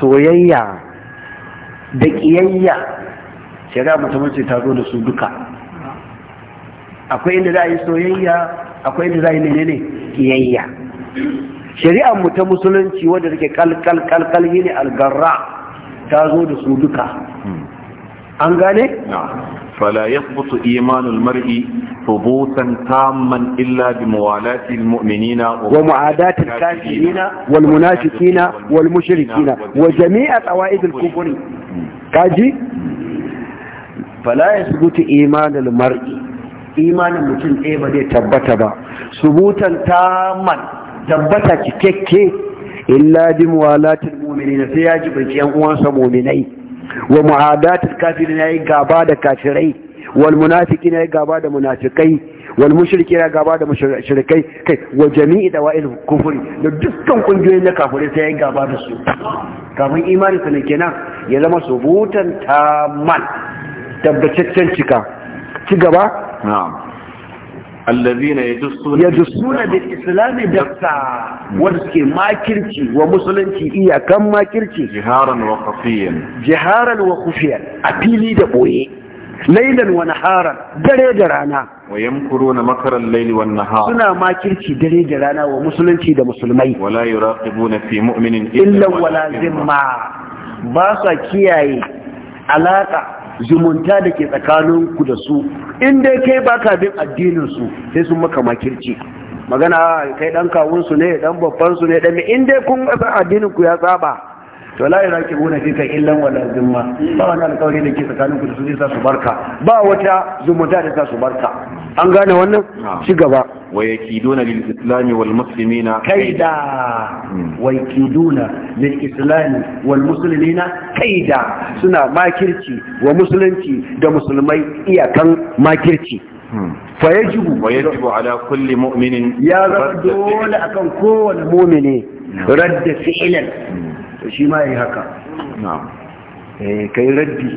soyayya da kiyayya shari'a mutum ta zo da su duka akwai inda za a yi soyayya akwai inda za a yi menene kiyayya shari'ar mu ta musulunci wadda take kalkal kalkal ne algarra ta zo da su duka hmm. an gane فلا يثبت إيمان المرء ثبوتا تاما إلا بموالاة المؤمنين ومعاداة wa والمنافقين والمشركين وجميع قواعد الكفر Kaji? فلا يثبت إيمان المرء imanin mutum ɗaya ba zai tabbata ba subutan taman tabbata cikakke illa bi muwalatil mu'minina sai ya jibanci yan uwansa mu'minai wa mu'adatil kafirin yayi gaba da kafirai wal munafiqin yayi gaba da munafikai wal mushrikin yayi gaba da mushrikai kai wa jami'i dawa'il kufri da dukkan kungiyoyin na kafirai sai yayi gaba da su kafin imani sanin kenan ya zama subutan taman tabbataccen cika ci gaba allazina yajussuna yajussuna bil islami dafsa wanda suke makirci wa musulunci iyakan makirci jiharan wa a fili da boye lailan wa naharan dare da rana wa yamkuruna makaran laili wan nahar suna makirci dare da rana wa musulunci da musulmai wala kiyaye alaƙa. zumunta da ke tsakanin ku da su in dai kai baka bin su sai sun maka makirci magana kai dan kawunsu ne dan babbansu ne dan in dai kun addinin addininku ya tsaba to la yuraqibuna fika illan wala zimma ba wani alƙawari da ke tsakanin ku da su zai sa su barka ba wata zumunta da sa su barka an gane wannan ci gaba wa yakiduna lil islami wal muslimina kaida hmm. wa yakiduna lil islami wal muslimina kaida suna makirci wa musulunci da musulmai iyakan makirci فيجب ويجب على كل مؤمن يا رب دول أكن كون مؤمن رد فعلا to shi ma ya yi haka eh, ka yi raddi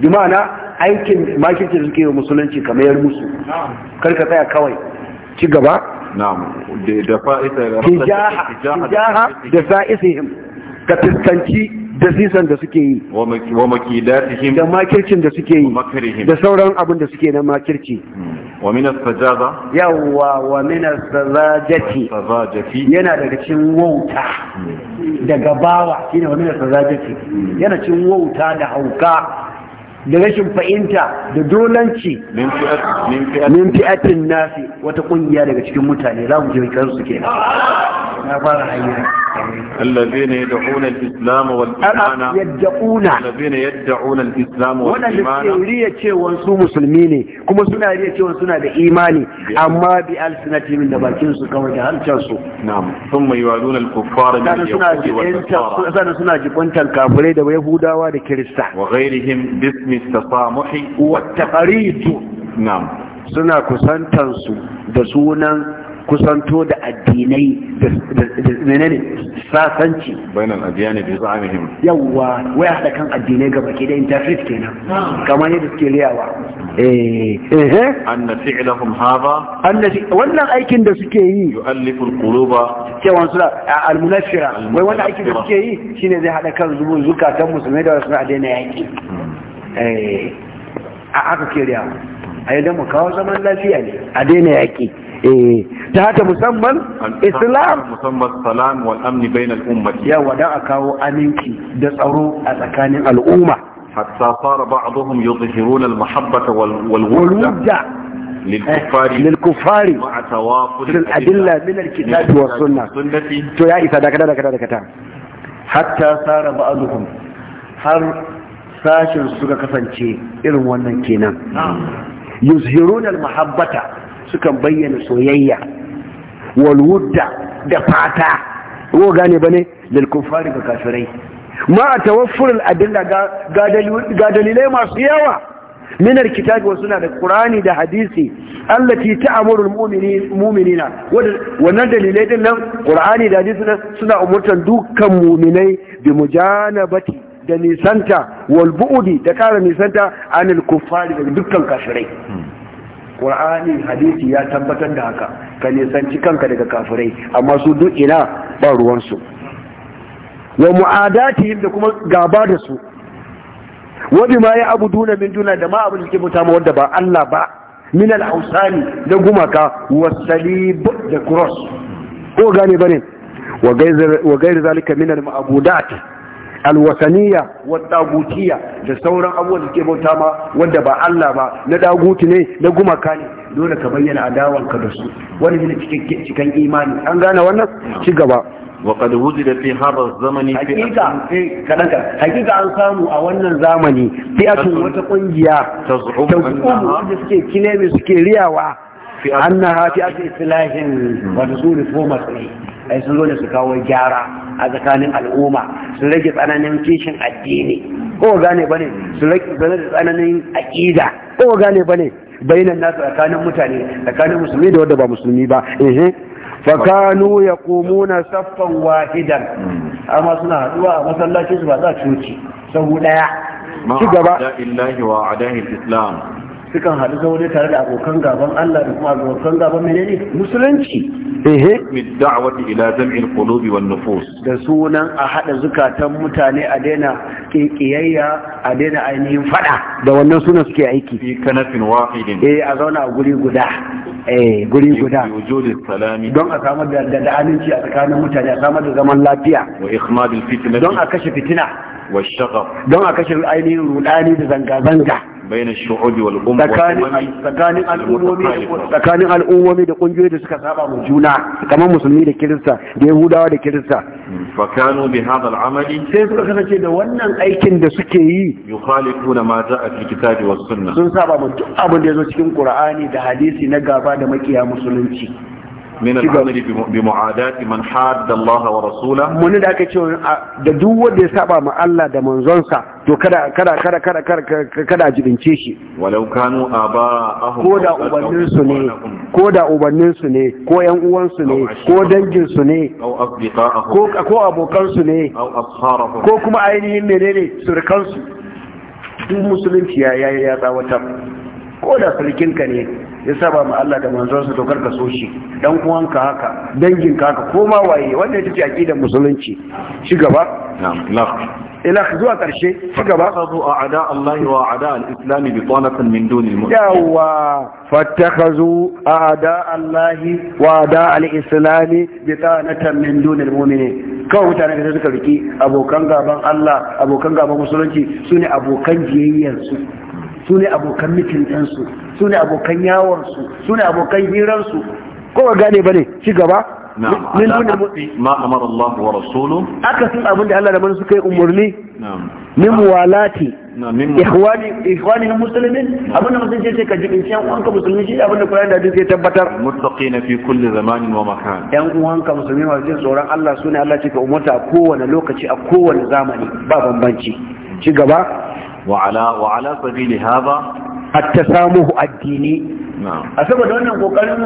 dimana aikin makirci suke yi musulunci kamar mayar musu karka tsaya kawai ci gaba da fa’isa da fa’isa da fuskanci dasisan da suke yi wa makidatihim da makircin da suke yi da sauran abin da suke na makirci hmm. wa min as-sajaza yawa wa min as-sajati yana daga cikin wauta hmm. daga bawa shine wa min as-sajati hmm. yana cikin wauta da hauka da rashin fahimta da dolanci min fi'atin nasi wata kungiya daga cikin mutane za mu je kansu kenan na fara hanyar الذين يدعون الإسلام والإيمان يدعون الذين يدعون الإسلام والإيمان wannan riya cewa su musulmi ne kuma suna riya cewa suna da imani amma bi alsinatihim da bakin su kawai da harshen su na'am thumma yu'aduna al-kuffar min al-yahudi suna jibantan kafirai da da kirista suna kusantansu da sunan kusanto da addinai da ne sasanci bayanan adiyani da za'amihim yawwa waya haɗa kan addinai gaba ke da interfaith kenan kamar yadda suke liyawa eh, eh, eh anna fi'lahum hadha anna wannan aikin da suke yi yu'allifu al-quluba cewa su al-munafira wai wannan aikin da suke yi shine zai hada kan zubun zukatan musulmai da wasu addinai yaki hmm. eh a aka ke liyawa a yadda mu kawo zaman lafiya ne a daina yaƙi eh ta haka musamman islam musamman salam wal amni ummati yawa da a kawo aminci da tsaro a tsakanin al'umma hatta sara ba'dhum yuzhiruna al mahabbata wal wudda للكفار للكفار مع توافر الأدلة من الكتاب والسنة تو يا إسا دكتا دكتا دكتا حتى صار بعضهم هر ساشن سوكا كسانشي إرم كينا يظهرون المحبة sukan bayyana soyayya walwudda da fata ko gane ba ne kufari ga kafirai ma a tawaffurul adilla ga dalilai masu yawa minar kitabi wasu na da ƙur'ani da hadisi allati ta'muru mu'minina wannan dalilai din nan ƙur'ani da hadisi suna umurtan dukkan mu'minai bi mujanabati da nisanta wal da kara nisanta anil kuffari da dukkan kafirai hmm. ƙur'ani hadisi ya tabbatar da haka ka nisanci kanka daga kafirai amma su duk ina ba ruwansu wa mu'adatihim da kuma gaba da su wa bima ya abuduna min duna da ma abin da suke bauta ma wanda ba Allah ba min al-awsani da gumaka wa salib da cross ko gane bane wa gairi zalika min al-ma'budat alwasaniya wa da sauran abubuwan da ke bauta ma wanda ba Allah ba na daguti ne na gumaka ne dole ka bayyana adawanka da su wani ne cikin imani an gane wannan ci gaba وقد وجد في هذا الزمن حقيقة حقيقة أن سامو suke زمني فئة وتقنجيا تزعم أنها كلمة سكيريا أنها فئة إصلاح ورسول فومة ai sun zo ne su kawo gyara a tsakanin al'umma su rage tsananin kishin addini ko gane bane su rage tsananin aqida ko gane bane bayanan nasu tsakanin mutane tsakanin musulmi da wanda ba musulmi ba eh fakanu yaqumuna saffan wahidan amma suna haduwa a masallacin su ba za coci sahu daya ci gaba la ilahi wa adahi islam sukan haɗu zaune tare da abokan gaban Allah da kuma abokan gaban menene musulunci ehe min da'wati ila jam'il qulubi wan nufus da sunan a hada zukatan mutane a daina kinkiyayya a daina ainihin fada da wannan sunan suke aiki fi kanafin wahidin eh a zauna a guri guda eh guri guda don a samar da da aminci a tsakanin mutane a samar da zaman lafiya wa ikhmadil fitna don a kashe fitina wa shaqaq don a kashe ainihin rudani da zanga zanga bayan shu'ubi wal tsakanin al'ummomi tsakanin al'ummomi da kungiyoyi da suka saba mu juna kamar musulmi da kirista da yahudawa da kirista hmm. fa kanu bi hadha al'amali sai suka kasance da wannan aikin da suke yi yukhalifuna ma za'a fi kitabi was sun saba mu duk abin da yazo cikin qur'ani da hadisi na gaba da makiya musulunci min al'amali bi mu'adati man hadda Allah wa rasula mun da aka ce da duk wanda ya saba ma Allah da manzonsa to kada kada kada kada kada jibince shi walau kanu aba'ahum ko da ubannin su ne ko da ubannin su ne ko yan uwan su ne ko dangin su ne ko ko abokan su ne ko kuma ainihin menene surkan su duk musulunci ya ya ya tsawatar ko da ka ne ya saba ma Allah da manzonsa to karka so shi dan uwanka haka dangin ka haka ko ma waye wanda yake aqidar musulunci shi gaba na'am ila zuwa karshe shi gaba khazu a'da Allah wa a'da al-islam bi tanatan min duni al-mu'min yawa fattakhazu a'da Allah wa a'da al-islam bi tanatan min duni al-mu'minin kawai mutane da suka riki abokan gaban Allah abokan gaban musulunci sune abokan jiyayyar su su ne abokan mitin su ne abokan yawonsu su ne abokan hirarsu kowa gane ba ne ci gaba min duna mutsi ma amara Allah wa rasulu aka sun abin da Allah da manzo kai umurni min walati ihwani ihwani muslimin abin da musulmi ce ka jibin an uwanka musulmi shi abin da Qur'ani da hadisi ya tabbatar muttaqina fi kulli zamanin wa makan yan uwanka musulmi wa jin tsoron Allah sune Allah ce ka umurta a kowane lokaci a kowane zamani ba bambanci ci gaba وعلى وعلى سبيل هذا التسامح الديني a saboda wannan kokarin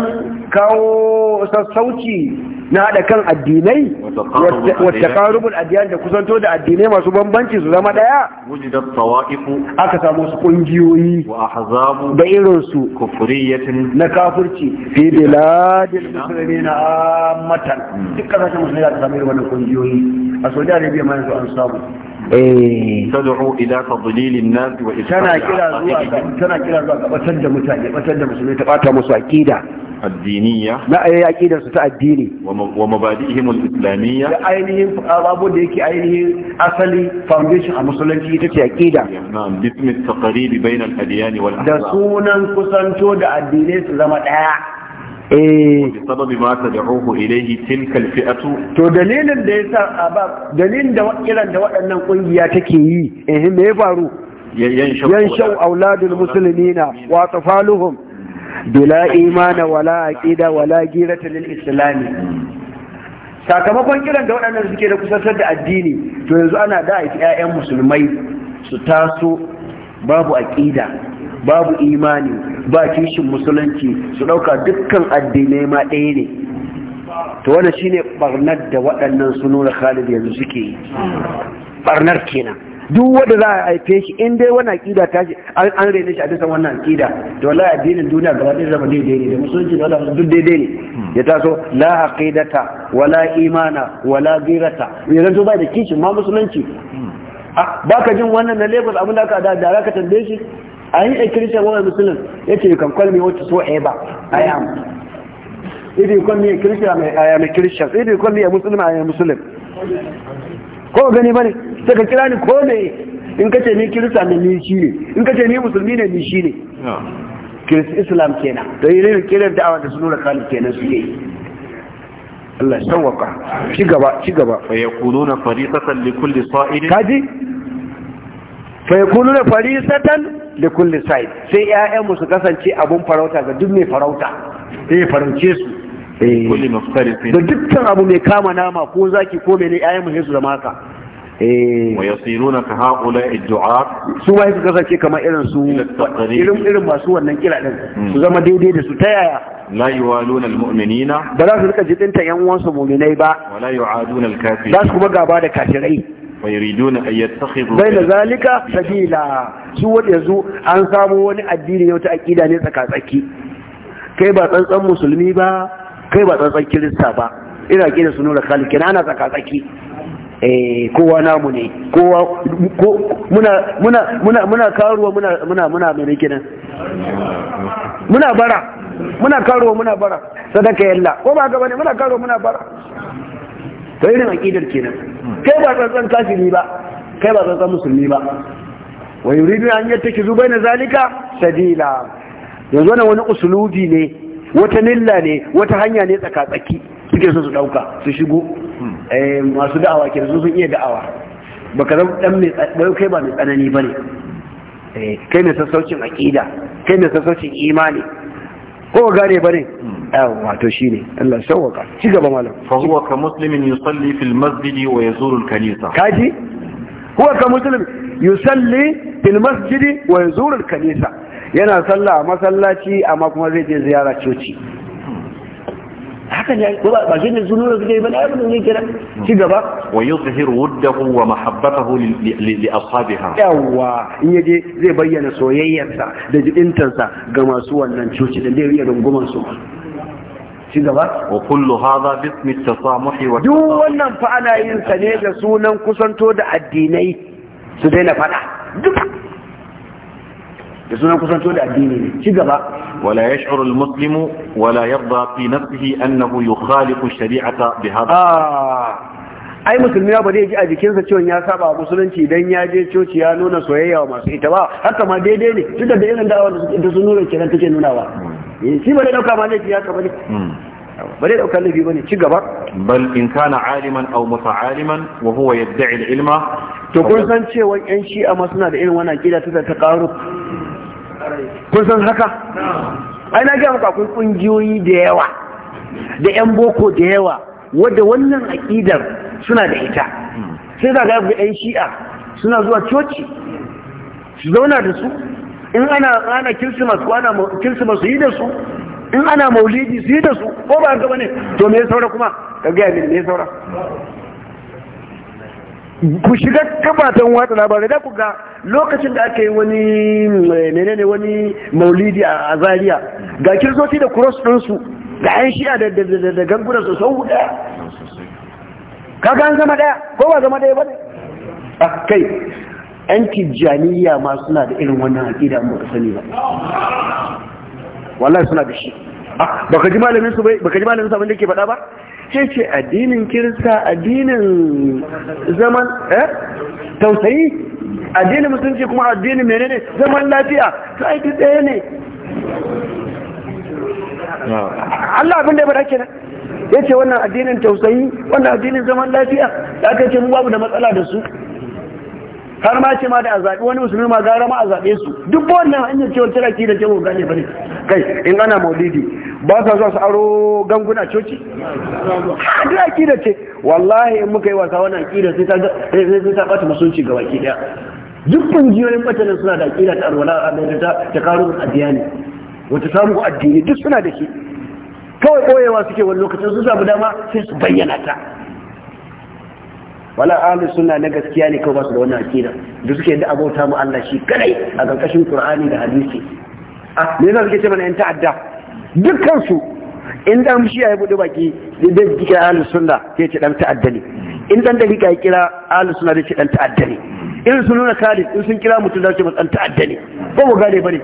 kawo sassauci na haɗa kan addinai wata karubun addiyan da kusanto da addinai masu bambanci su zama ɗaya aka samu su ƙungiyoyi da irinsu na kafurci fi biladin musulmi na matan hmm. duk ƙasashen musulmi da ta samu irin wannan ƙungiyoyi a saudi arabia ma yanzu an samu Eh. tad'u ila nas wa tana kira zuwa tana kira zuwa gabatar da mutane da musulmai ta bata musu aqida addiniya na ayi aqidar su ta addini wa mabadihim al-islamiyya da ainihin da yake ainihin asali foundation a musulunci ita ce aqida na'am bismi taqrib bayna al-adyan wal ahzab da sunan kusanto da addinai su zama daya Eh. bisababi ma tad'uhu ilayhi tilka to dalilin da yasa abab dalilin da wakilan da waɗannan kungiya take yi eh me ya faru yanshau auladul muslimina wa tafaluhum bila imana wala aqida wala girata lil islami sakamakon kiran da waɗannan suke da kusantar da addini to yanzu ana da ƴaƴan musulmai su taso babu aƙida. babu imani ba kishin musulunci su ɗauka dukkan addinai ma ɗaya ne to wannan shine barnar da waɗannan su nuna Khalid yanzu suke yi barnar kenan duk wanda za a haife shi in dai wannan aqida ta shi an rene shi a dusan wannan aqida to wallahi addinin duniya gaba ɗaya zama daidai ne da musulunci da wannan duk daidai ne ya taso la aqidata wala imana wala ghirata yanzu to bai da kishin ma musulunci ah, ba ka jin wannan na label abin da aka da da ka tambaye shi I ain't a Christian or a Muslim. Yet you can call me whatsoever I am. If you call me a Christian, I am a Christian. If you call me a Muslim, I am a Muslim. Ko gani bane, sai ka kira ni ko ne in kace ni Kirista ne ni shi ne, in kace ni Musulmi ne ni shi ne. Kirist Islam kenan, to yi ne kiran da'awa da sunan kalin kenan su yi. Allah sauwaka, ci gaba, ci gaba. Fa yakununa fariqatan li kulli sa'idin. Kaji? Fa yakununa fariqatan da kulli sai ƴaƴanmu su kasance abun farauta ga duk mai farauta sai eh, farauce su eh. da dukkan abu mai kama nama ko zaki ko mene ƴaƴanmu sai su zama eh. ka haula su kasance kamar irin su irin masu wannan kira din su hmm. zama daidai da su ta yaya ba za su rika jidinta yan uwansu mu'minai ba wala su kuma gaba da kafirai fayriduna ay yattakhidhu bayna zalika sabila su wanda yazo an samu wani addini ne wata akida ne tsakatsaki kai ba tsantsan musulmi ba kai ba tsantsan kirista ba ina kira su da khaliq kina ana tsakatsaki eh kowa namu ne kowa muna muna muna muna karuwa muna muna muna mene kenan muna bara muna karuwa muna bara sadaka yalla ko ba ga bane muna karuwa muna bara to irin aqidar kenan kai ba tsantsan kafiri ba kai ba tsantsan musulmi ba wa yuridu an yattakizu na zalika sadila yanzu wannan wani usulubi ne wata nilla ne wata hanya ne tsakatsaki. suke so su dauka su shigo eh masu da'awa kenan su sun iya da'awa baka zama dan mai tsanani kai ba mai tsanani bane eh kai ne sassaucin aqida kai ne sassaucin imani ko gane bane أو آه، وعتوشيني إلا سوق شكرا ماله فهو كمسلم يصلي في المسجد ويزور الكنيسة كاجي هو كمسلم يصلي في المسجد ويزور الكنيسة ينا صلى ما أما كما زيتي زيارة شوشي يعني. ويظهر وده ومحبته لأصحابها أوا إن سويا يبسا دي انتنسا قمسوا أنن شوشي دي يجي قمسوا أنن ci gaba wa kullu hadha bi ismi at-tasamuhi wa duk wannan fa ana yin sa ne da sunan kusanto da addinai su daina fada duk da sunan kusanto da addini ne ci gaba wala yash'uru al-muslimu wala yarda fi nafsihi annahu yukhaliqu ash-shari'ata bi hadha ah. ai musulmi ba zai ji a jikinsa cewa ya saba musulunci idan ya je coci ya nuna soyayya wa masu ita ba haka ma daidai ne duk da irin da'awar da su nuna kenan take nunawa Eh, shi ba da dauka ba laifi haka bane ba da hmm. dauka laifi bane ci gaba bal in kana aliman aw muta'aliman wa huwa yad'i al-ilma to kun san cewa yan shi'a ma suna da irin wannan aqida ta ta karu kun san haka ai na ga muku akwai kungiyoyi da yawa da yan boko da yawa wadda wannan aqidar suna da ita hmm. sai za ga yan shi'a suna zuwa coci su zauna da su in ana rana kirsimas ko ana kirsimas yi da su in ana maulidi su yi da su ko ba gaba ne to me saura kuma ka gaya min me saura ku shiga kafatan watsa labarai da ku ga lokacin da aka yi wani menene wani maulidi a Zariya, ga kirsoti da cross su, ga an shi'a da da gangura su sau daya kaga an zama daya ko ba zama daya ba ne ah, kai 'yan tijjaniya ma suna da irin wannan aƙida mu sani ba wallahi suna da shi baka ji malamin su baka ji malamin sabon da ke faɗa ba ce ce addinin kirista addinin zaman eh tausayi addinin musulunci kuma addinin menene zaman lafiya to ai duk ɗaya ne Allah abin da ya bada kenan ce wannan addinin tausayi wannan addinin zaman lafiya da aka ce mu babu da matsala da su har ma ce ma da a zaɓi wani musulmi ma gara ma a zaɓe su duk wannan hanyar cewa tana ki da ke gane bane kai in ana maulidi ba sa zuwa su aro ganguna coci da akida ce wallahi in muka yi wasa wannan akida sai sai ta bata musunci ga baki ɗaya. duk kungiyoyin batanin suna da akida ta arwala a da ta ta karu addiyani wata samu addini duk suna da shi kawai ɓoyewa suke wani lokacin sun samu dama sai su bayyana ta wala ahlu sunna na gaskiya ne kawai basu da wannan akida duk suke da abota mu Allah shi kadai a karkashin Qur'ani da hadisi ah me yasa suke ce mana yan ta'adda dukkan su in dan shi ya bude baki da dukkan ahlu sunna sai ce dan ta'adda ne in dan dalika ya kira ahlu sunna da ce dan ta'adda ne in sun nuna khalid in sun kira mutum da ce dan ta'adda ne ko mu gane bane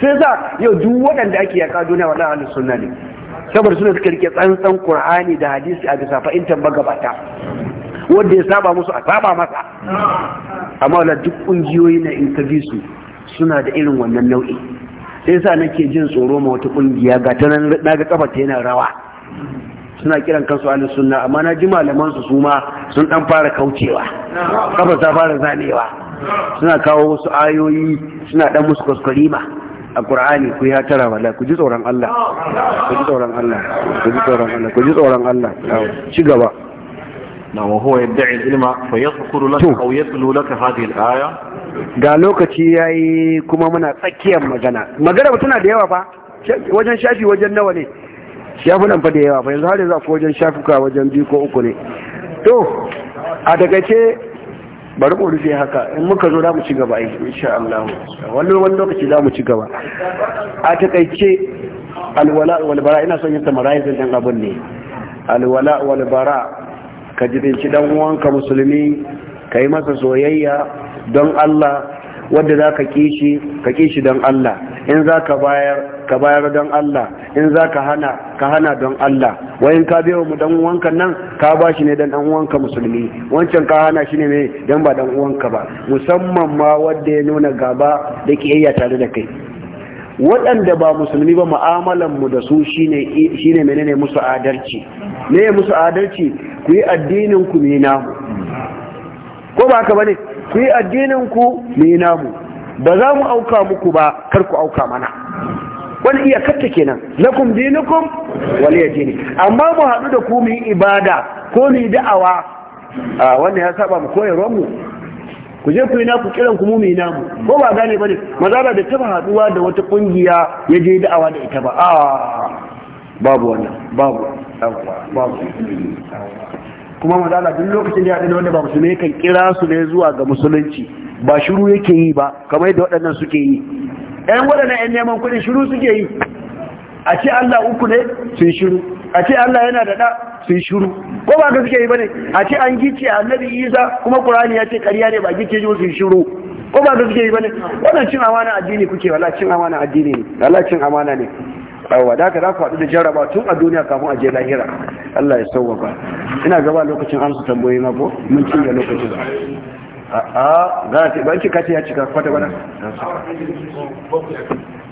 sai za yau duk waɗanda ake yaka duniya wa ahlu sunna ne saboda suna suka rike tsantsan Qur'ani da hadisi a bisa fa'intan magabata wanda ya saba musu a saba masa amma wala duk ƙungiyoyi na in ka su suna da irin wannan nau'i sai sa nake jin tsoro ma wata ƙungiya ga ta nan na ga kafa ta yana rawa suna kiran kansu ahlus sunna amma na ji malaman su suma sun dan fara kaucewa kafa ta fara zanewa suna kawo wasu ayoyi suna dan musu kuskurima a Qur'ani ku ya tara wala ku ji tsoron Allah ku ji tsoron Allah ku ji tsoron Allah ku ji tsoron Allah ci gaba na waho ya da'i ilma fa ya tsakuru laka au ya tsulu laka hadhihi al-aya ga lokaci yayi kuma muna tsakiyar magana magana tana da yawa fa wajen shafi wajen nawa ne shafunan fa da yawa fa yanzu har yanzu akwai wajen shafuka wajen biyu ko uku ne to a daga ce bari mu rufe haka in muka zo za mu ci gaba aiki, insha Allah wani wani lokaci za mu ci gaba a takaice alwala walbara ina son yin samarizing din abun ne alwala walbara ka jibinci dan uwanka musulmi ka yi masa soyayya don Allah wadda za ka kishi ka kishi don Allah in za ka bayar ka bayar don Allah in za ka hana ka hana don Allah wayin ka biyo mu dan uwanka nan ka ba shi ne dan dan uwanka musulmi wancan ka hana shi ne dan ba dan uwanka ba musamman ma wanda ya nuna gaba da kiyayya tare da kai waɗanda ba musulmi ba mu'amalanmu mu da su shine menene musu adalci Ne musu adalci ku yi addininku ku ne namu ko ba ka bane ku yi addininku namu ba za mu auka muku ba karku auka mana wani iya katta kenan lakum dinukum waliya dini amma mu haɗu da ku mu ibada ko mu da'awa wannan ya saba mu koyarwa mu ku je ku yi naku kiran ku mumi namu ko ba gane bane Maza da taba haduwa da wata kungiya ya je da'awa da ita ba a babu wannan babu babu kuma da duk lokacin da ya da wanda ba musulmi kan kira su ne zuwa ga musulunci ba shiru yake yi ba kamar yadda waɗannan suke yi ƴan waɗannan ƴan neman kuɗin shiru suke yi a ce Allah uku ne sun shiru a ce Allah yana da ɗa sun shiru ko ba ka suke yi bane a ce an gice annabi Isa kuma Qur'ani ya ce ƙarya ne ba gice jiwo sun shiru ko ba ka suke yi bane wannan cin amana addini kuke wala cin amana addini ne wala cin amana ne yawa da haka za ku haɗu da jarraba tun a duniya kafin a je lahira Allah ya sauwaka ina gaba lokacin amsa tambayoyi na ko mun ci da lokacin a a za ta ba ki kace ya cika kwata bana